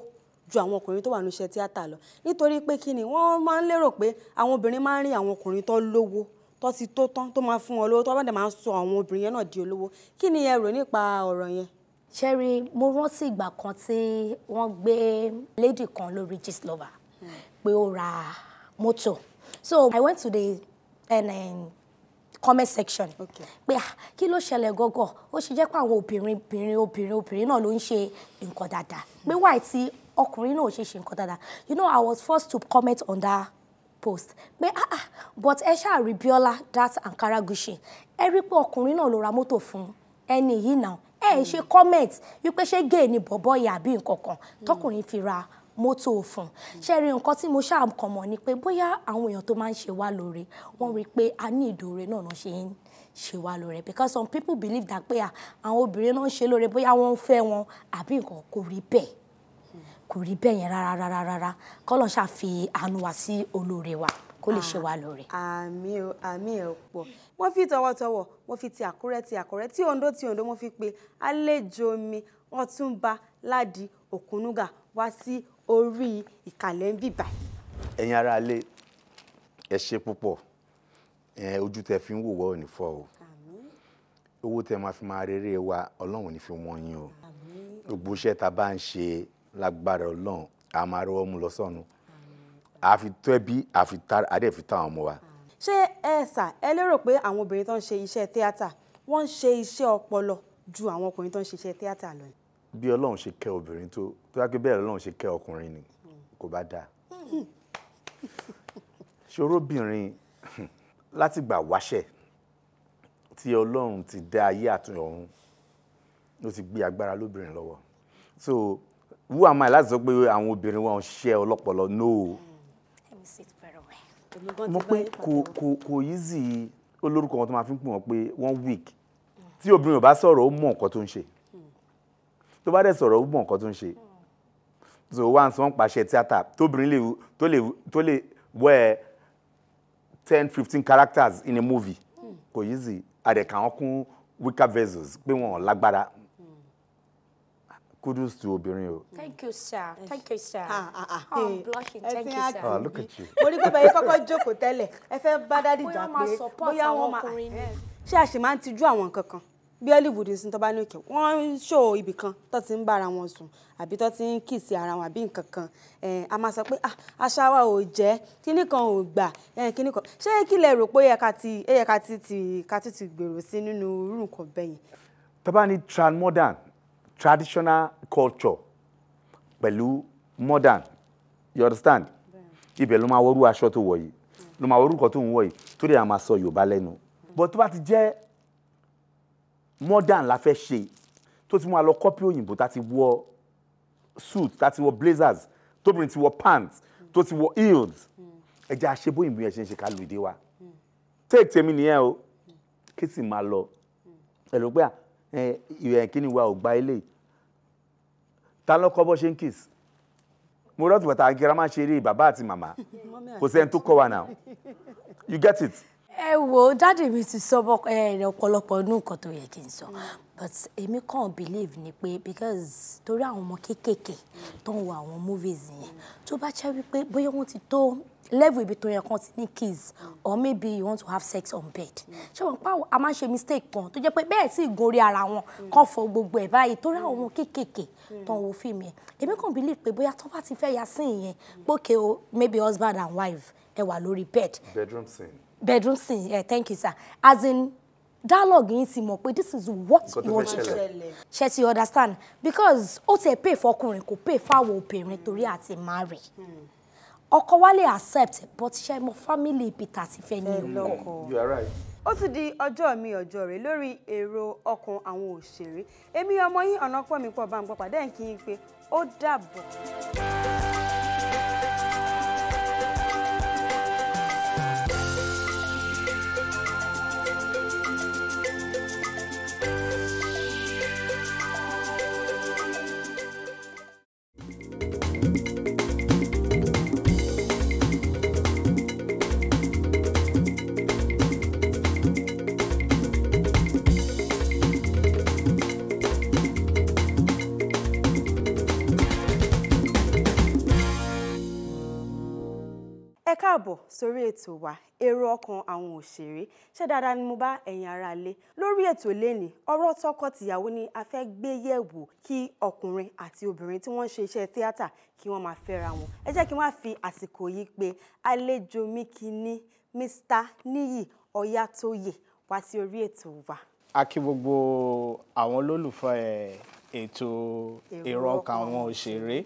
S2: ju àwọn ọkùnrin tó wà ní iṣẹ́ tíátà lọ nítorí pé kí ni wọ́n máa ń lérò pé àwọn obìnrin máa ń rí àwọn ọkùnrin tó lówó tó ti tó tán tó máa fún
S15: wọn lówó tó bá dẹ̀ máa ń sọ àwọn obìnrin yẹn náà di olówó kí ni ẹ rò nípa ọ̀rọ̀ yẹn. Sherry mo rántí ìgbà kan tí wọ́n gbé lady kan lórí gist lover hmm. pé ó ra mọ́tò so I went to and, um, comment section pé ah, kí ló ṣẹlẹ̀ gọ́gọ́ ó ṣe jẹ́ pé àwọn obìnrin obìnrin obìnrin obìnrin náà ló ń ṣe nǹkan dáadáa pé hmm. wáyé tí ọkùnrin náà ò ṣe ṣe nǹkan dáadáa you know I was forced to comment on that post pé ah ah but ẹ ṣáà rí Bíọ́lá that Ankara Gucci ẹ rí pé ọkùnrin náà ló ra mọ́tò fún ẹni yìí náà ẹ hmm. ṣe comment wípé ṣé gay ni bọ̀bọ̀ yìí àbí nǹkan kan hmm. tọkùnrin fi ra mọ́tò fún ṣe rí nǹkan tí mo ṣàkàn mọ̀ ni pé bóyá àwọn èèyàn tó máa ń ṣe wá lóore wọ́n rí i pé a ní ìdóore náà ṣe ń ṣe wá lóore because some people believe that pé àwọn obìnrin náà ń ṣe lóore bóyá wọ́n ń fẹ́ wọn àbí nǹkan kò rí bẹ́ẹ̀ kò rí bẹ́ẹ̀ yẹn rárá rárá rárá kọ́lọ́n ṣàfi àánú wá sí olóore wa kó lè ṣe wá lóore. àmì ò àmì ẹ̀ pọ̀ wọ́n fi
S2: tọwọ́tọwọ́ wọ́n fi ti àkúrẹ́ ti àkúrẹ́ tí òǹdó ti òǹdó wọ́n fi pe àlejò mi Ọ̀túnba Ládi Òkúnúgà wá sí orí ìkàlẹ̀ ń bìbà.
S16: ẹ̀yin ará ilé ẹ ṣe púpọ̀ ojú tẹ fi ń wò wọ́ òní fọ́ o owó tẹ máa fi máa rere wa ọlọ́run ní fi wọ́n yín o gbogbo iṣẹ́ ta bá ń ṣe lágbára ọlọ́run a máa rọwọ́ mú lọ sọ́nu àfi tó ẹbí àfi tá adé fi táwọn ọmọ wa.
S2: ṣé ẹ sà ẹ lérò pé àwọn obìnrin tó ń ṣe iṣẹ́ tíátà wọ́n ń ṣe iṣẹ́ ọpọlọ ju àwọn ọkùnrin tó ń ṣiṣẹ́ tíátà lọ yìí
S16: bí ọlọ́run ṣe kẹ́ obìnrin tó tó wá pé bẹ́ẹ̀ ọlọ́run ṣe kẹ́ ọkùnrin ni kò bá dáa ṣòróbìnrin látìgbà wáṣẹ̀ tí ọlọ́run ti dá ayé àtúnyọ̀ ọ̀run ló ti gbé agbára lóbìnrin lọ́wọ́ so wú àmọ́ ẹ̀ láti sọ pé àwọn obìnrin wọn ṣe ọlọ́pọlọ no mo pé kò kò kò easy olórúkọ wọn tó máa fi ń pè wọn pé wọn weak tí obìnrin ò bá sọ̀rọ̀ ó mọ̀ nǹkan tó ń ṣe tó bá dẹ̀ sọ̀rọ̀ ó mọ̀ nǹkan tó ń ṣe so wá ń pàṣẹ tíátà tóbìnrin lè tó lè tó lè wọ ten fifteen characters in a movie kò yí sí àdẹ̀kà wọn kún weaker vessels pé wọn ò lágbára kudos to obìnrin o.
S15: thank you sir thank you sir. ah ah ah oh, blushing thank you sir. ah
S2: look at you. mo rí bàbá yẹn kọ́kọ́ jókòó tẹ́lẹ̀ ẹ fẹ́ bá dádì jà pé bóyá wọn máa ṣé a ṣì máa ń tijú àwọn kankan bí hollywood ń tó bá ní òkè wọ́n ń ṣò ibì tó ti ń bá ara wọn sùn àbí tó ti ń kì sí ara wọn àbí nǹkan kan a máa sọ pé àṣà ah, wa ò jẹ́ kíní kan ò gbà kíní kan ṣé kí lẹ rò pé ó ká ti ti ká ti ti gbèrò sí nínú irú nǹkan bẹ́yìn.
S16: tó bá ní transmodern traditional culture pẹ̀lú modern you understand ibẹ̀ ló máa wọ́rú aṣọ tó wọ̀ yìí ló máa wọ́rú nǹkan tó ń wọ̀ yìí tó dẹ̀ máa sọ Yorùbá lẹ́nu But tó bá ti jẹ́ modern la fẹ́ ṣe tó ti mú wa lọ kọ́pì òyìnbó tá ti wọ suit tá ti wọ blazers tóbìnrin ti wọ pants tó ti wọ heels ẹja aṣebóyìnbó yẹn ṣe ń ṣe ká lùdí wa take tèmi nìyẹn o kí sì máa lọ ẹ̀rọ pé ìrẹ̀ kíni wa ò gba ilé ta lọ́kọ́ bọ́ ṣe ń kiss mo rọ́ọ̀tù bàtà akíra máa ṣe eré bàbá àti màmá kò sẹ́ni tó kọ́ wa now you get it
S15: ẹ wo dáàdì mi ti sọ ọ̀pọ̀lọpọ̀ ọdún nǹkan tó yẹ kí n sọ but èmi kàn believe ni pé because torí àwọn ọmọ kéékèèké tó ń wo àwọn movies yẹn tó bá jẹ́ wípé bóyá wọ́n ti tó level ibi tó yẹ kan ti ní kids or maybe you want to have sex on bed ṣé wọn pa a máa ń ṣe mistake kan tó jẹ́ pé bẹ́ẹ̀ sì gorí ara wọn kàn fọ gbogbo ẹ̀ báyìí torí àwọn ọmọ kéékèèké tó ń wo fíìmù yẹn èmi kàn believe pé bóyá tó bá ti fẹ́ ya sí ìyẹn pókè o maybe husband and wife ẹ wà lórí bed.
S16: bedroom scene
S15: bedroom scene yeah, thank you sir as in dialogue in Simo, but this is what you want to do ṣe you understand because ó ti ẹ̀ pay fọkùnrin kò pay fáwọn obìnrin torí àti marry hmm. ọkọ wa lè accept but she mo family peter if any. you are right. ó ti di
S2: ọjọ́ mi ọjọ́ rẹ̀ lórí èrò ọkàn àwọn òṣèré èmi ọmọ yín ọ̀nà pọ̀ mi pọ̀ bá ń pọ̀ pàdé ẹ̀ kí n pe ó dàbọ̀. sórí ètò wa èrò ọkàn àwọn òṣèré ṣé dáadáa ni mo bá ẹ̀yin ara lé lórí ètò lẹ́nìí ọ̀rọ̀ tọkọ tìyàwó ni a fẹ́ gbé yẹ̀wò kí ọkùnrin àti obìnrin tí wọ́n ṣe iṣẹ́ tíátà kí wọ́n máa fẹ́ra wọn ẹ jẹ́ kí n wá fi àsìkò yìí pé àlejò mi kìíní Mr. Níyì Ọ̀yátóyè wá sí orí ètò wa.
S17: a kí gbogbo àwọn olólùfẹ́ ètò èrò ọkàn àwọn òṣèré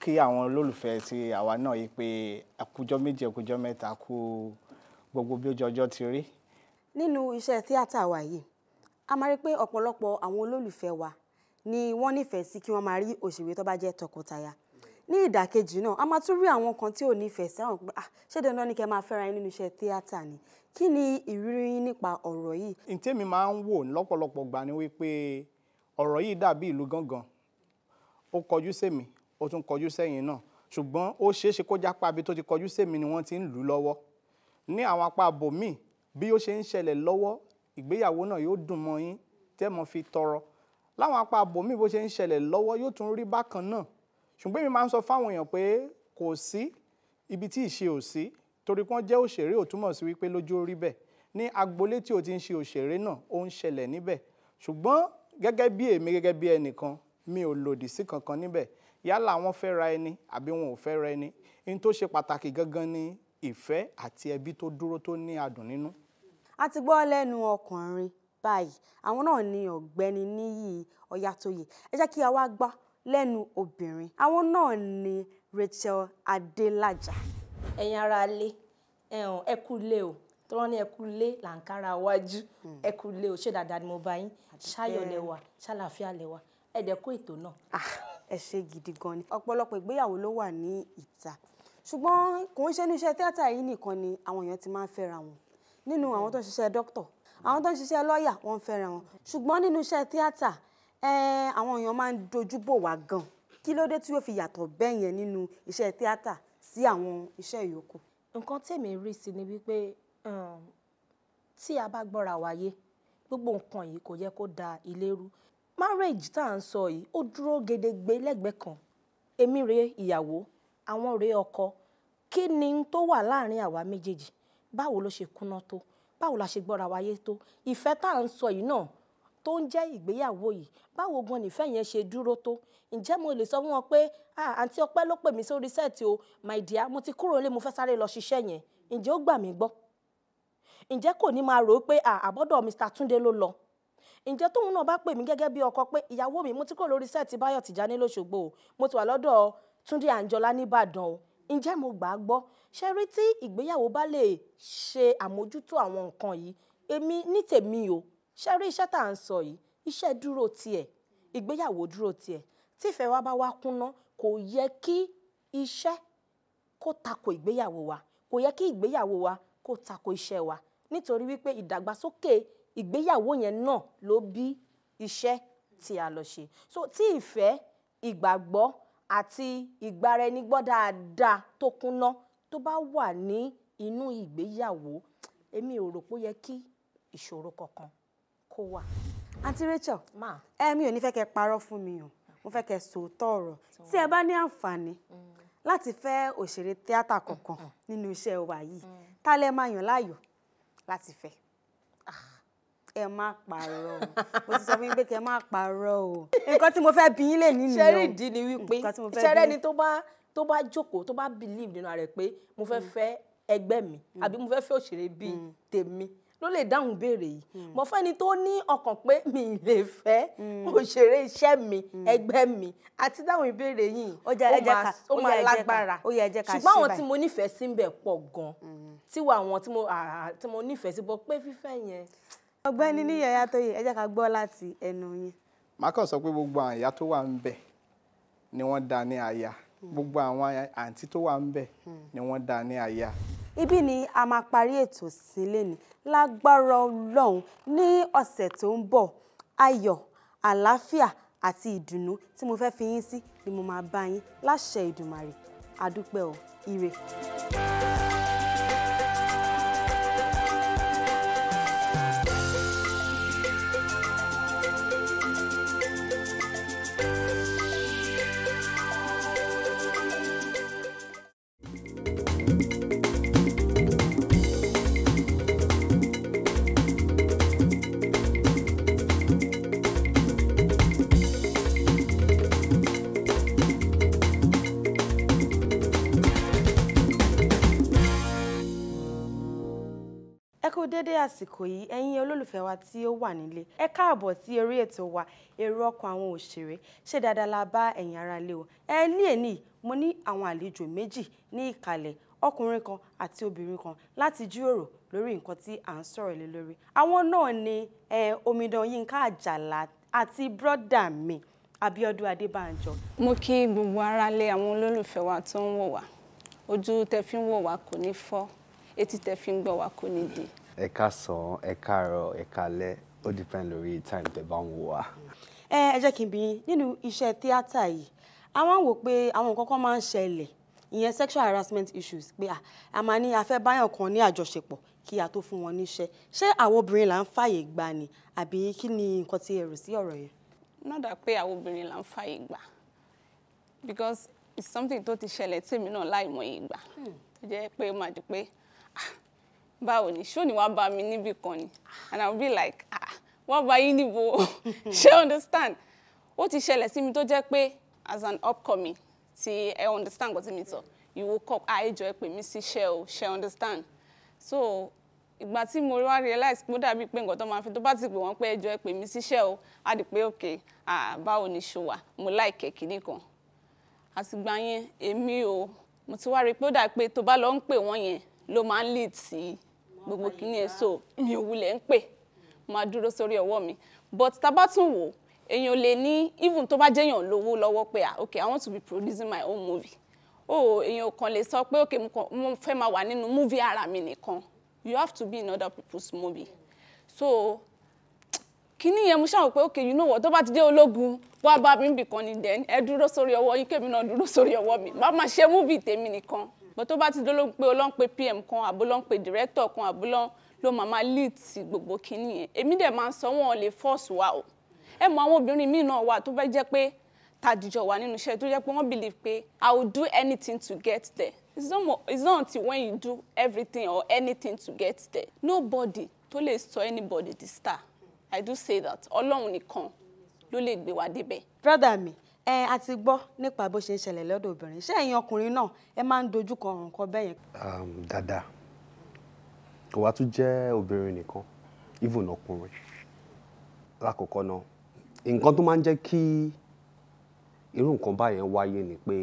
S17: kí àwọn olólùfẹ́ ti àwa náà yìí pé àkójọ méje àkójọ mẹ́ta kú gbogbo bí ojú ọjọ́ ti rí.
S2: nínú iṣẹ́ tíátà wa yìí a máa rí pé ọ̀pọ̀lọpọ̀ àwọn olólùfẹ́ wa ni wọ́n nífẹ̀ẹ́ sí kí wọ́n máa rí òṣèré tó bá jẹ́ tọkọtaya ní ìdàkejì náà a máa tún rí àwọn kan tí ò nífẹ̀ẹ́ sí àwọn pé ah ṣé dandan ni kẹ́ máa fẹ́ra yín nínú iṣẹ́ tíátà ni
S17: kí ni ìrírí yín nípa ọ̀rọ̀ yìí. ntẹ́mi máa ń wò lọ́pọ̀lọpọ̀ gbà ni wípé ọ̀rọ̀ yìí dàbí ìlú gángan ó kọjú sèmi ó tún kọjú sẹ́yìn náà ṣùgbọ́n ó ṣeé ṣe kó jápa ibi tó ti kọjú sẹ́mi ni wọ́n ti ń lù ú lọ́wọ́ ní àwọn apá bòmíì bí ó ṣe ń ṣẹlẹ̀ lọ́wọ́ ìgbéyàwó náà yóò dùn mọ́ yín tẹ́ mọ́ fi tọrọ láwọn apá bòmíì bó ṣe ń ṣẹlẹ̀ lọ́wọ́ yóò tún rí bákan náà ṣùgbọ́n èmi máa ń sọ fáwọn èèyàn pé kò sí ibi tí ìṣe ò sí torí pé wọ́n jẹ́ òṣèré ò túmọ̀ sí wípé lójú orí bẹ́ẹ̀ ní agboolé tí o ti ń ṣe òṣèré náà ó ń ṣẹlẹ̀ níbẹ̀ ṣùgbọ́n gẹ́gẹ́ bí èmi gẹ́gẹ́ bí ẹnìkan mi ò lòdì sí kankan níbẹ̀ yálà wọ́n fẹ́ ra ẹni àbí wọn ò fẹ́ ra ẹni ní tó ṣe pàtàkì gangan ni ìfẹ́ àti ẹbí tó dúró tó ní adùn nínú. a ti gbọ́ lẹ́nu
S2: ọkùnrin báyìí àwọn náà ni ọ̀gbẹ́ni níyì ọ̀yàtòyè ẹ jẹ́ kí a wá gbọ́ lẹ́nu obìnrin àwọn náà ni Rachel Adélájà. ẹ̀yin ara lé ẹ kú lé o tí wọ́n ní ẹ kú lé làǹkárá wájú hmm. ẹ kú lé o ṣé dáadáa ni mo bá yín ṣáyọ̀ lẹ́wà ṣàlàáfíà lẹ́wà ẹ̀dẹ̀ kó ètò náà. Ah ẹ ṣe gidi gan ni ọ̀pọ̀lọpọ̀ ìgbéyàwó ló wà ní ìta ṣùgbọ́n kò ń ṣe ní iṣẹ́ tíátà yìí nìkan ni àwọn èèyàn ti máa ń fẹ́ra wọn nínú àwọn tó ń ṣiṣẹ́ dókítọ̀ àwọn tó ń ṣiṣẹ́ lọ́ọ̀yà wọ́n ń fẹ́ra wọn ṣùgbọ́n nínú iṣẹ́ tíátà àwọn èèyàn máa ń dojú bò wá gan kí ló dé tí yóò fi yàtọ̀ bẹ́ẹ̀ yẹn nínú iṣẹ́ tíátà sí àwọn iṣẹ́ yòókù. nǹkan tèmi rí sí ni wípé tí a bá gbọ́ra wáyé gbogbo nǹkan yìí kò yẹ kó da ilé rú marriage tá à ń sọ yìí ó dúró gedegbe lẹ́gbẹ̀ẹ́ kan èmi rèé ìyàwó àwọn rèé ọkọ kí ni tó wà láàrin àwa méjèèjì báwo ló ṣe kúná tó báwo la ṣe gbọ́ra wáyé tó ìfẹ́ tá à ń sọ yìí náà tó ń jẹ́ ìgbéyàwó yìí báwo gan nìfẹ́ yẹn ṣe dúró tó ǹjẹ́ mo lè sọ fún wọn pé àǹtí ọpẹ́ ló pè mí sórí sẹ́ẹ̀tì o my dear mo ti kúrò nílé mo fẹ́ sáré lọ ṣiṣẹ́ yẹn ǹjẹ́ ó gbà mí gbọ́ ǹjẹ́ kò ní máa rò ó pé àbọ́dọ̀ Mr Túndé ló lọ ǹjẹ́ tóun náà bá pè mí gẹ́gẹ́ bí ọkọ pé ìyàwó mi mo ti kúrò lórí sẹ́ẹ̀tì Báyọ̀ Tìjání l'Óṣogbo o mo ti wà lọ́dọ̀ Túndé Àǹjọlá nìbàdàn o ǹjẹ́ mo gbà á gbọ́ ṣe rí tí ìgbéyàwó bá lè ṣe àmójútó àwọn nǹkan yìí èmi ní tèmi o ṣe rí iṣẹ́ tá à ń sọ yìí iṣẹ́ dúró tiẹ̀ ìgbéyàwó dúró tiẹ̀ tífẹ́ wa bá wá kúnná kò yẹ kí iṣẹ́ kó tako ìgbéyàwó wa kò yẹ kí ìgbéyàwó wa kó tako iṣẹ́ wa nítorí wípé ìdàgbàsókè ìgbéyàwó yẹn náà ló bí iṣẹ́ tí a lọ ṣe so tí ìfẹ́ ìgbàgbọ́ àti ìgbaraẹnigbọ́ dáadáa tó kúnná tó bá wà ní inú ìgbéyàwó èmi ò rò pé ó yẹ kí ìṣòro kankan kó wà. àǹtí Rachel ma ẹ̀mí ò ní fẹ́ kẹ́ parọ́ fún mi o mo fẹ́ kẹ́ sòótọ́ ọ̀rọ̀ tí ẹ bá ní àǹfààní mm. láti fẹ́ òṣèré tíátà kankan mm, mm, nínú iṣẹ́ wa yìí tá máa yàn láàyò láti fẹ́ ẹ má parọ́ mo ti sọ fún yín pé kí ẹ má parọ́ o nǹkan tí mo fẹ́ bí yín lè ní nìyẹn o ṣẹ́rí ìdí ni wípé ṣẹ́rẹ́ ni tó bá tó bá jókòó tó bá believe nínú rẹ̀ pé mo fẹ́ mm. fẹ́ ẹgbẹ́ mi mm. àbí mo fẹ́ fẹ́ òṣèré bíi mm. tèmi ló lè dáhùn béèrè yìí mo fẹ́ ni tó ní ọkàn pé mi lè fẹ́ òṣèré iṣẹ́ mi ẹgbẹ́ mi àti dáhùn ìbéèrè yìí ó máa lágbára ṣùgbọ́n àwọn tí mo nífẹ̀ẹ́ sí ń bẹ pọ̀ gan-an tí wà àwọn tí mo nífẹ̀ẹ́ sí bọ́ pé fífẹ́ yẹn ọ̀gbẹ́ni mm. Níyàyá Tóyè ẹ jẹ́ ká gbọ́ láti ẹnu yín.
S17: màá kàn sọ pé gbogbo àwọn ìyá tó wà ń bẹ̀ ni wọ́n dá ní aya mm. gbogbo àwọn àǹtí tó wà ń bẹ̀ mm. ni wọ́n dá ní aya ibí ni a máa parí ètò sí lẹ́ni lágbára ọlọ́run
S2: ní ọ̀sẹ̀ tó ń bọ̀ ayọ̀ àlàáfíà àti ìdùnnú tí mo fẹ́ fi yín sí ni mo máa bá yín láṣẹ ìdùmarè àdúpẹ́ o ire. dédé àsìkò yìí ẹ̀yin olólùfẹ́ wa tí ó wà nílé ẹ káàbọ̀ sí orí ètò wa èrò ọkàn àwọn òṣèré ṣé dáadáa la bá ẹ̀yin ará lé o ẹ ní èní mo ní àwọn àlejò méjì ní ìkàlẹ̀ ọkùnrin kan àti obìnrin kan láti jíròrò lórí nǹkan tí à ń sọ̀rọ̀ lé lórí àwọn náà ni omidan Yínká Àjàlá àti brọ́dà mi Abíọ́dún Adébánjọ.
S18: mo kí gbogbo aráalé àwọn olólùfẹ́ wa tó ń wò wá ojú tẹ ń wò wá kò ní fọ́ etí tẹ ń gbọ́ wá kò ní di
S1: ẹ káàsán ẹ káàárọ̀ ẹ káalẹ́ ó depend lórí time tẹ́ bá ń wò wá.
S2: ẹ ẹ jẹ́ kí n bi nínú iṣẹ́ tíátà yìí a máa ń wò pé àwọn nǹkan kan máa ń ṣẹlẹ̀ ìyẹn sexual harassment issues pé a máa ní a fẹ́ báyàn kan ní àjọṣepọ̀ kí a tó fún wọn níṣẹ́ ṣé àwọn obìnrin là ń fàyè gbà ni àbí kí ni nǹkan tí ẹ rò sí ọ̀rọ̀ yẹn.
S18: nọ́dà pé àwọn obìnrin là ń fàyè gbà because it's something tó ti ṣẹlẹ̀ tèmi náà láìmọye ìgbà hmm. tó jẹ́ pé ó máa di pé báwo ni ṣó ni wàá bá mi níbì kan ni and i will be like ah wàá bá yín níbo ṣé understand ó ti ṣẹlẹ̀ sí mi tó jẹ́ pé as an upcoming ti ẹ understand kò tí mi sọ you will come àìjọ ẹ pè mí sí ṣe o ṣe understand so ìgbà tí mo wá realize pé ó dàbí pé nǹkan tó máa fi tó bá ti pè wọ́n pé ẹjọ́ ẹ pè mí síṣẹ́ o á di pé òkè ah, báwo ni ṣo wà mo láìkẹ́ kínní kan àtìgbà yẹn èmi o mo ti wá rí i pé ó dàbí pé tó bá lọ ń pè wọ́n yẹn ló máa ń lead sí gbogbo kíní ẹ̀ so mi ò wulẹ̀ ń pè máa dúró sórí ọwọ́ mi but tábà tún wò èèyàn lè ní even tó bá jẹ́yàn lówó lọ́wọ́ pé ah okay i want to be producing my own movie oh èèyàn kan lè sọ pé okay mo fẹ́ máa wà nínú movie ara mi nìkan you have to be in other people's movie so kíní yẹn mo ṣàwọn pé okay you know what tó bá ti dé ológun wá bá mi bìkan ni then ẹ dúró sórí ọwọ́ yín kémi náà dúró sórí ọwọ́ mi má má ṣe múvì tèmi nìkan but tó bá ti dó ló ń pe ọlọ́run pe pm kan àbó ló ń pe director kan àbó ló ń ló máa máa lead sí gbogbo kínní yẹn èmi dẹ̀ máa ń sọ wọn lè force wa o ẹ mọ àwọn obìnrin míì náà wà tó bá jẹ́ pé tàdìjọ wà nínú iṣẹ́ tó jẹ́ pé wọ́n believe pé i will do anything to get there it's not, it's not until when you do everything or anything to get there nobody tó lè sọ anybody the star i do say that ọlọ́run nìkan ló lè gbé wa débẹ̀. brother mi ẹ
S2: a ti gbọ́ nípa bó ṣe ń ṣẹlẹ̀ lọ́dọ̀ obìnrin ṣé ẹ̀yin ọkùnrin náà ẹ máa ń dojú kọ ọ̀ràn kan bẹ́yẹn.
S1: dáadáa kò wá tún jẹ́ obìnrin nìkan even ọkùnrin lákòókò náà nǹkan tó máa ń jẹ́ kí irú nǹkan báyẹn wáyé ni pé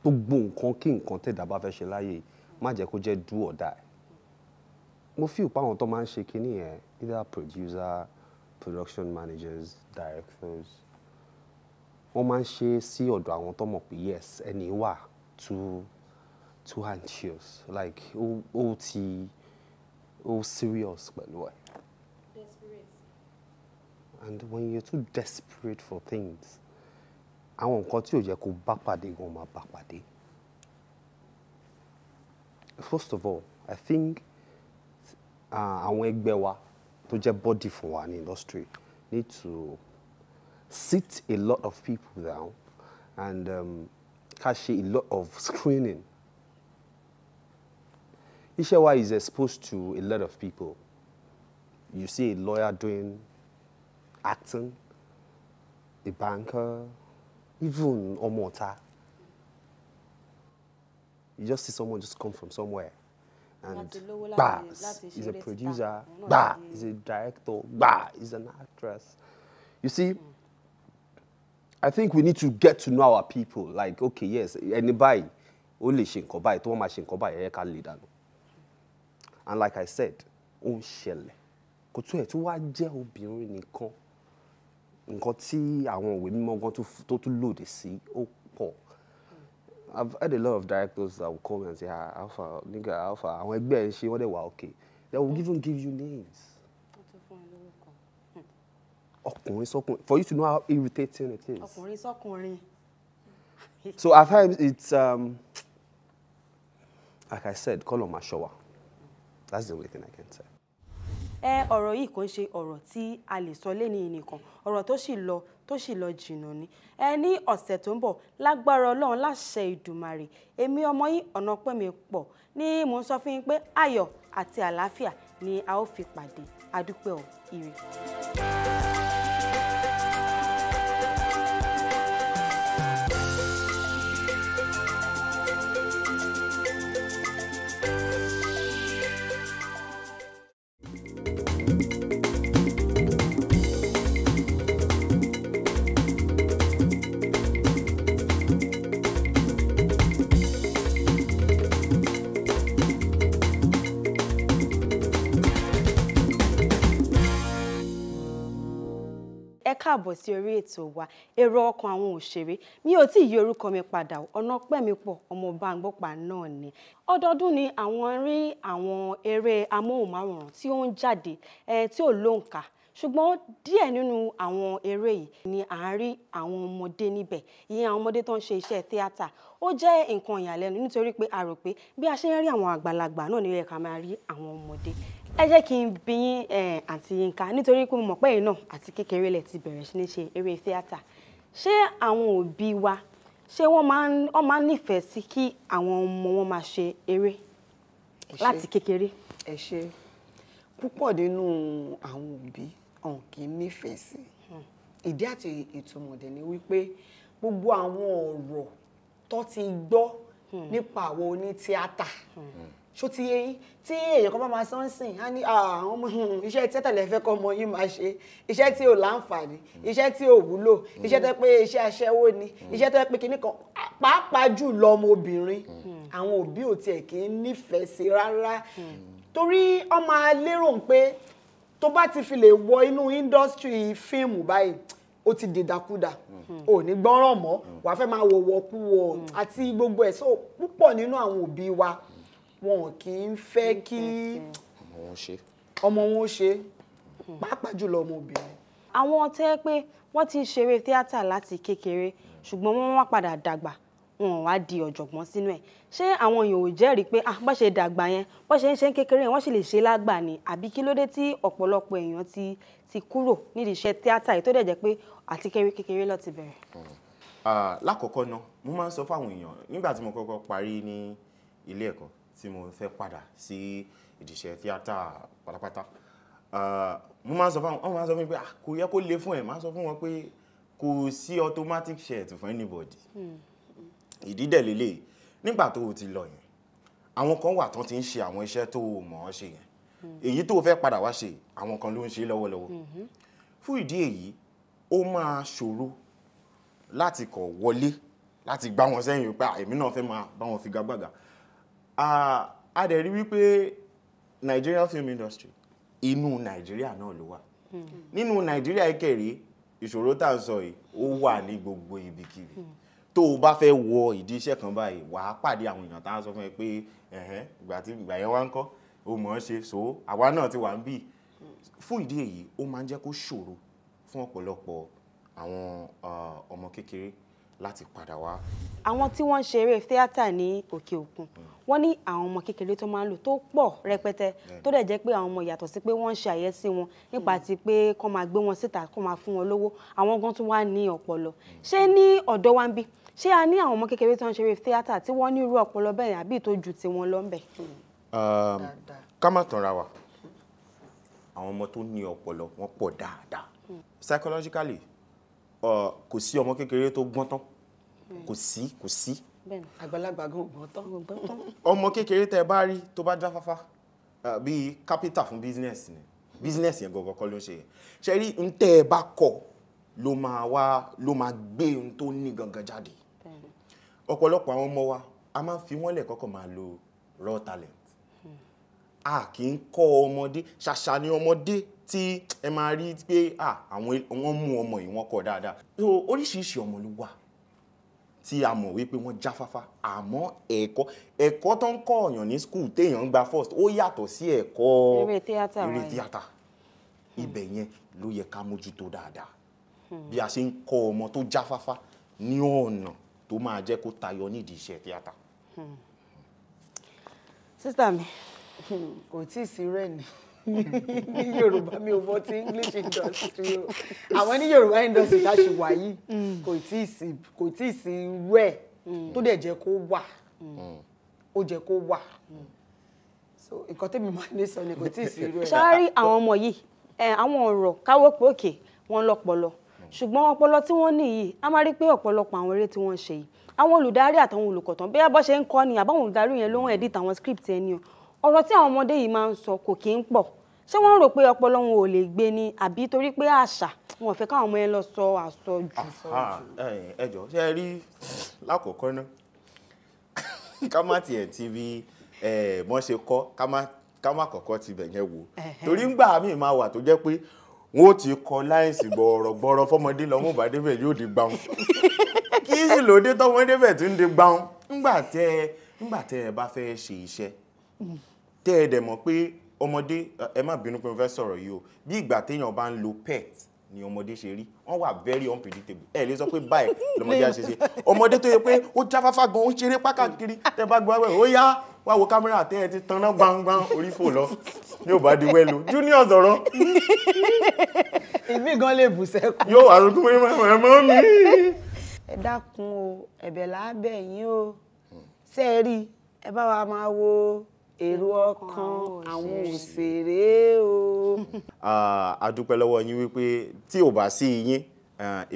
S1: gbogbo nǹkan kí nǹkan tẹ̀dá bá fẹ́ ṣe láyè má jẹ́ kó jẹ́ do or die mo fi ìpa àwọn tó máa ń ṣe kinní yẹn either producer production managers directors wọ́n máa ń ṣe sí ọ̀dọ̀ àwọn tó mọ̀ pé yes ẹni wà too too anxious like ó ó ti ó serious pẹ̀lú ẹ̀. and when you're too desperate for things àwọn nǹkan tí ò yẹ kó bá pàdé gan máa bá pàdé. first of all I think uh, àwọn ẹgbẹ́ wa tó jẹ́ body fún wa ní industry need to sit a lot of people down and um, ká a lot of screening. Iṣẹ́ wa is exposed to a lot of people. You see a lawyer doing acting, a banker, even ọmọọta. You just see someone just come from somewhere and gba is a producer, gba is a director, gba is an actress. You see. Mm. I think we need to get to know our people like okay yes anybody only ó lè ṣe nǹkan báyìí tó wọ́n máa ṣe nǹkan báyìí and like I said ó ń ṣẹlẹ̀ kò tó ẹ̀ tó wá jẹ́ obìnrin nìkan nǹkan tí àwọn òwe mímọ́ gan tó tún lòdì sí ó pọ̀ I've had a lot of directors that will come and say ah alpha nigga alpha àwọn ẹgbẹ́ ẹ̀ ṣe wọ́n dẹ̀ wà okay they will even give you names ọkùnrin sọkùnrin for you to know how irritating it is. ọkùnrin sọkùnrin. so at times it's um, like I said call on my masowa that's the only thing I can say.
S2: ẹ ọ̀rọ̀ yìí kò ń ṣe ọ̀rọ̀ tí a lè sọ lẹ́ni nìkan ọ̀rọ̀ tó sì lọ tó sì lọ jìnnà ni ẹ ní ọ̀sẹ̀ tó ń bọ̀ lágbára ọlọ́run láṣẹ ìdùmarè èmi ọmọ yín ọ̀nà pẹ̀mí pọ̀ ni mò ń sọ fún yín pé ayọ̀ àti àlàáfíà ni a ó fi pàdé adúpẹ́ ò ire. káàbọ̀ sí orí ètò wa èrò ọkàn àwọn òṣèré mi ò tí ì yí orúkọ mi padà ọ̀nà pẹ̀mí pọ̀ ọmọ Bángbọ́pá náà ni ọdọọdún ni àwọn rí àwọn eré amóhùnmáwòrán tí ó ń jáde tí ò lóǹkà ṣùgbọ́n díẹ̀ nínú àwọn eré yìí ni à ń rí àwọn ọmọdé níbẹ̀ ìyẹn àwọn ọmọdé tó ń ṣe iṣẹ́ tíátà ó jẹ́ nǹkan ìyàlẹ́nu nítorí pé a rò pé bí a ṣe ń rí àwọn àgbàlagbà náà nílẹ̀ ká máa rí àwọn ọmọdé ẹ jẹ́ kí n bi yín àǹtí Yínká nítorí pé mo mọ̀ pé ẹ̀yin náà àti kékeré lẹ̀ ti bẹ̀rẹ̀ sí ní ṣe eré tíátà ṣé àwọn òbí wa ṣé wọ́n máa ń nífẹ̀ẹ́ sí kí àwọn ọmọ wọn máa ṣe eré láti kékeré. ẹ ṣe
S6: púpọ̀ nínú àwọn òbí ọ̀hún kì í nífẹ̀ẹ́ sí hmm. ìdí àti ìtumọ̀ dẹ̀ ni wípé gbogbo àwọn ọ̀rọ̀ tó ti gbọ́ hmm. nípa àwọn onítíátà ṣó ti yé yín tí èèyàn kan bá máa sán sìn á ní àwọn ah, ọmọ iṣẹ́ tẹ́tẹ̀lẹ́ fẹ́ kọ́ ọmọ yín máa ṣe iṣẹ́ tí ò láǹfààní iṣẹ́ tí ò wúlò iṣẹ́ tẹ́ pé iṣẹ́ aṣẹ́wó ni iṣẹ́ tẹ́ pé kinní kan pàápàá jù lọ ọmọbìnrin àwọn òbí ò tiẹ̀ kì í nífẹ̀ẹ́ sí rárá torí ọmọ lérò pé tó bá ti fi lè wọ inú indọ́sítírì fíìmù báyìí ó ti dìdàkudà ò ní gbọ́ràn mọ́ wàá fẹ́ máa wọ̀wọ̀ kú wọ̀ àti gbogbo ẹ̀ so púpọ̀ nínú àwọn òbí wa. Mm wọn ò kì í fẹ́ kí ọmọ wọn ó ṣe pàápàá jùlọ ọmọ obìnrin.
S2: àwọn tẹ́ pé wọ́n ti ṣeré tíátà láti kékeré ṣùgbọ́n wọ́n wá padà dàgbà wọn wá di ọ̀jọ̀gbọ́n sínú ẹ̀ ṣé àwọn èèyàn ò jẹ́rìí pé ah bá ṣe dàgbà yẹn bá ṣe ń ṣe ń kékeré yẹn wọ́n sì lè ṣe lágbà ni àbí kí ló dé tí ọ̀pọ̀lọpọ̀ èèyàn ti ti kúrò nídìí iṣẹ́ tíátà yìí tó dẹ̀ jẹ́ pé àti kéré kékeré ló ti bẹ̀rẹ̀.
S8: Hmm. Ah, lákọ̀ọ́kọ́ náà mo máa ń sọ fáwọn èèyàn nígbà tí mo kọ́kọ́ parí ní ilé ẹ̀kọ́ tí mo fẹ́ padà sí ìdíṣẹ́ tíátà pátápátá ah, mo máa ń sọ fáwọn máa ń sọ fún mi pé ah, kò yẹ kó le fún ẹ máa ń sọ fún wọn pé kò sí automatic shirt for anybody hmm. ìdí dẹ̀ lélẹ̀ nígbà tó o ti lọ yẹn àwọn kan wà tán ti ń ṣe àwọn iṣẹ́ tó o mọ̀ ọ́ ṣe yẹn hmm. èyí tó o fẹ́ padà wá ṣe àwọn kan ló ń ṣe lọ́wọ́lọ́wọ́ hmm. fún ìdí èyí ó máa ṣòro láti kọ̀ wọlé láti gbá wọn sẹ́yìn pé ah, èmi náà fẹ́ máa bá wọn figagbága a dẹ̀ rí wípé Nigeria film industry inú Nigeria náà ló wà hmm. nínú Nàìjíríà ìkẹrẹ ìṣòro tá à sọ yìí ó wà ní gbogbo ibikíbi hmm. tó o bá fẹ́ wọ ìdí iṣẹ́ kan báyìí wàá pàdé àwọn èèyàn tá à ń sọ fún ẹ pé ìgbà tí ìgbà yẹn wá ń kọ́ o mọ̀ ọ́n ṣe so àwa náà ti wà ń bì fún ìdí èyí ó máa ń jẹ́ kó ṣòro fún ọ̀pọ̀lọpọ̀ àwọn ọmọ kékeré láti padà wá.
S2: àwọn tí wọ́n ń ṣeré tíátà ní òkè òkun wọ́n ní àwọn ọmọ kékeré tó máa ń lò tó pọ̀ rẹpẹtẹ tó dẹ̀ jẹ́ pé àwọn ọmọ yàtọ̀ sí pé wọ́n ń ṣe àyẹ́sí wọn nípa hmm. ti pé kó máa gbé wọn síta kó máa fún wọn lówó àwọn gan tún wá ní ọpọlọ hmm. ṣé ní ọ̀dọ̀ wa ń bí ṣé a ní àwọn ọmọ kékeré tó ń ṣeré tíátà tí wọ́n ní irú ọpọlọ bẹ́ẹ̀ àbí tó ju tiwọn lọ ń bẹ̀.
S8: Ehm, ká má tanra wa àwọn ọmọ tó ní ọpọlọ wọn pọ̀ dáadáa hmm. psychologically kò sí ọmọ kékeré tó gbọ́n tán kò sí kò sí.
S6: àgbàlagbà gan gbọ́n tán.
S8: ọmọ kékeré tẹ bá rí tó bá jáfáfá bíi capital fún business ni business yẹn gọ̀gọ̀ kọ́ ló ń ṣe yẹn ṣe rí ń tẹ́ ẹ bá kọ̀ ló máa wá ló máa gbé ohun tó ní gangan jáde ọ̀pọ̀lọpọ̀ àwọn ọmọ wa a máa fi wọ́n lẹ̀ kọ́kọ́ máa lo raw talent. Hmm a kì í kọ́ ọmọdé ṣàṣà ni ọmọdé tí ẹ máa rí pé àwọn wọ́n mú ọmọ yìí wọ́n kọ́ dáadáa so oríṣiríṣi ọmọ ló wà tí a mọ̀ wípé wọ́n jáfáfá àmọ́ ẹ̀kọ́ ẹ̀kọ́ tó ń kọ́ ọ̀yàn ní skul téèyàn ń gba first ó yàtọ̀ sí ẹ̀kọ́ eré tíátà eré tíátà hmm. ibẹ̀ yẹn ló yẹ ká mójútó dáadáa hmm. bí a ṣe ń kọ́ ọmọ tó jáfáfá ní ọ̀nà tó máa jẹ́ kó tayọ nídìí iṣẹ́ tíátà.
S6: Hmm. sísá mi Hmm, kò tí ì sí rain ní yorùbá mi ò mọ̀ ti english industry o àwọn ní yorùbá industry tá a ṣe wà yìí hmm. kò tí ì sí kò tí ì sí rẹ̀ hmm. tó dẹ̀ jẹ́ kó wà ó jẹ́ kó wà so nǹkan tẹ́mi máa ní sọ ni kò tí ì sí rẹ̀. ṣáárí àwọn ọmọ
S2: yìí àwọn ọ̀rọ̀ káwọ́ pé òkè wọ́n lọ́pọlọ ṣùgbọ́n ọpọlọ tí wọ́n ní yìí a máa rí pé ọ̀pọ̀lọpọ̀ àwọn eré tí wọ́n ń ṣe yìí àwọn olùdarí àtàwọn olùkọ̀tàn bí abọ́ ṣe ń kọ́ ni àbáwọn olùdarí yẹn ló ń edit àwọn script ẹni o ọ̀rọ̀ tí àwọn ọmọdé yìí máa ń sọ kò kí ń pọ̀ ṣé wọ́n rò pé ọpọlọ wọn ò lè gbé ni àbí torí pé àṣà wọn ò fẹ́ káwọn ọmọ yẹn lọ sọ àsọ jù.
S8: ẹ jọ ṣe rí lákòókò náà ká má tiẹ̀ ti bí wọ́n ṣe kọ́ ká má kọ́kọ́ ti bẹ̀ yẹn wò torí ńgbà míì máa wà tó jẹ́ pé wọn ò ti kọ láìsí gbọ̀rọ̀gbọ̀rọ̀ fọmọdé lọ́mọ bá débẹ̀ yóò di gbaun kí sì lóde tọmọdé bẹ̀ tún di gbaun ńgbà tẹ ẹ bá fẹ́ ṣe iṣẹ́ mm tẹ́ ẹ dẹ̀ mọ̀ pé ọmọdé ẹ má bínú pé mo fẹ́ sọ̀rọ̀ yìí o bí ìgbà téèyàn bá ń lo pet ni ọmọdé ṣe rí wọn wà very unpredictable ẹ lè sọ pé báyìí lọmọdé á ṣe ṣe ọmọdé tó yẹ pé ó jáfáfá gan ó ṣeré pákàkiri tẹ bá gbọ́ ẹ ó yá wá wo kámẹ́rà tẹ ẹ ti tanná gbangban orí fò lọ ní ò bá di wẹ́lu junior sọ̀rọ̀.
S6: ìmí gan lè bù sẹ́kù. yóò àrùn tó wọ́n máa mọ́ mi. ẹ dákun o ẹ̀bẹ̀ lábẹ́ yín o ṣe é rí ẹ bá wa máa wo èrò ọkàn àwọn òṣèré o.
S8: a dúpẹ́ lọ́wọ́ yín wípé tí ò bá sí yín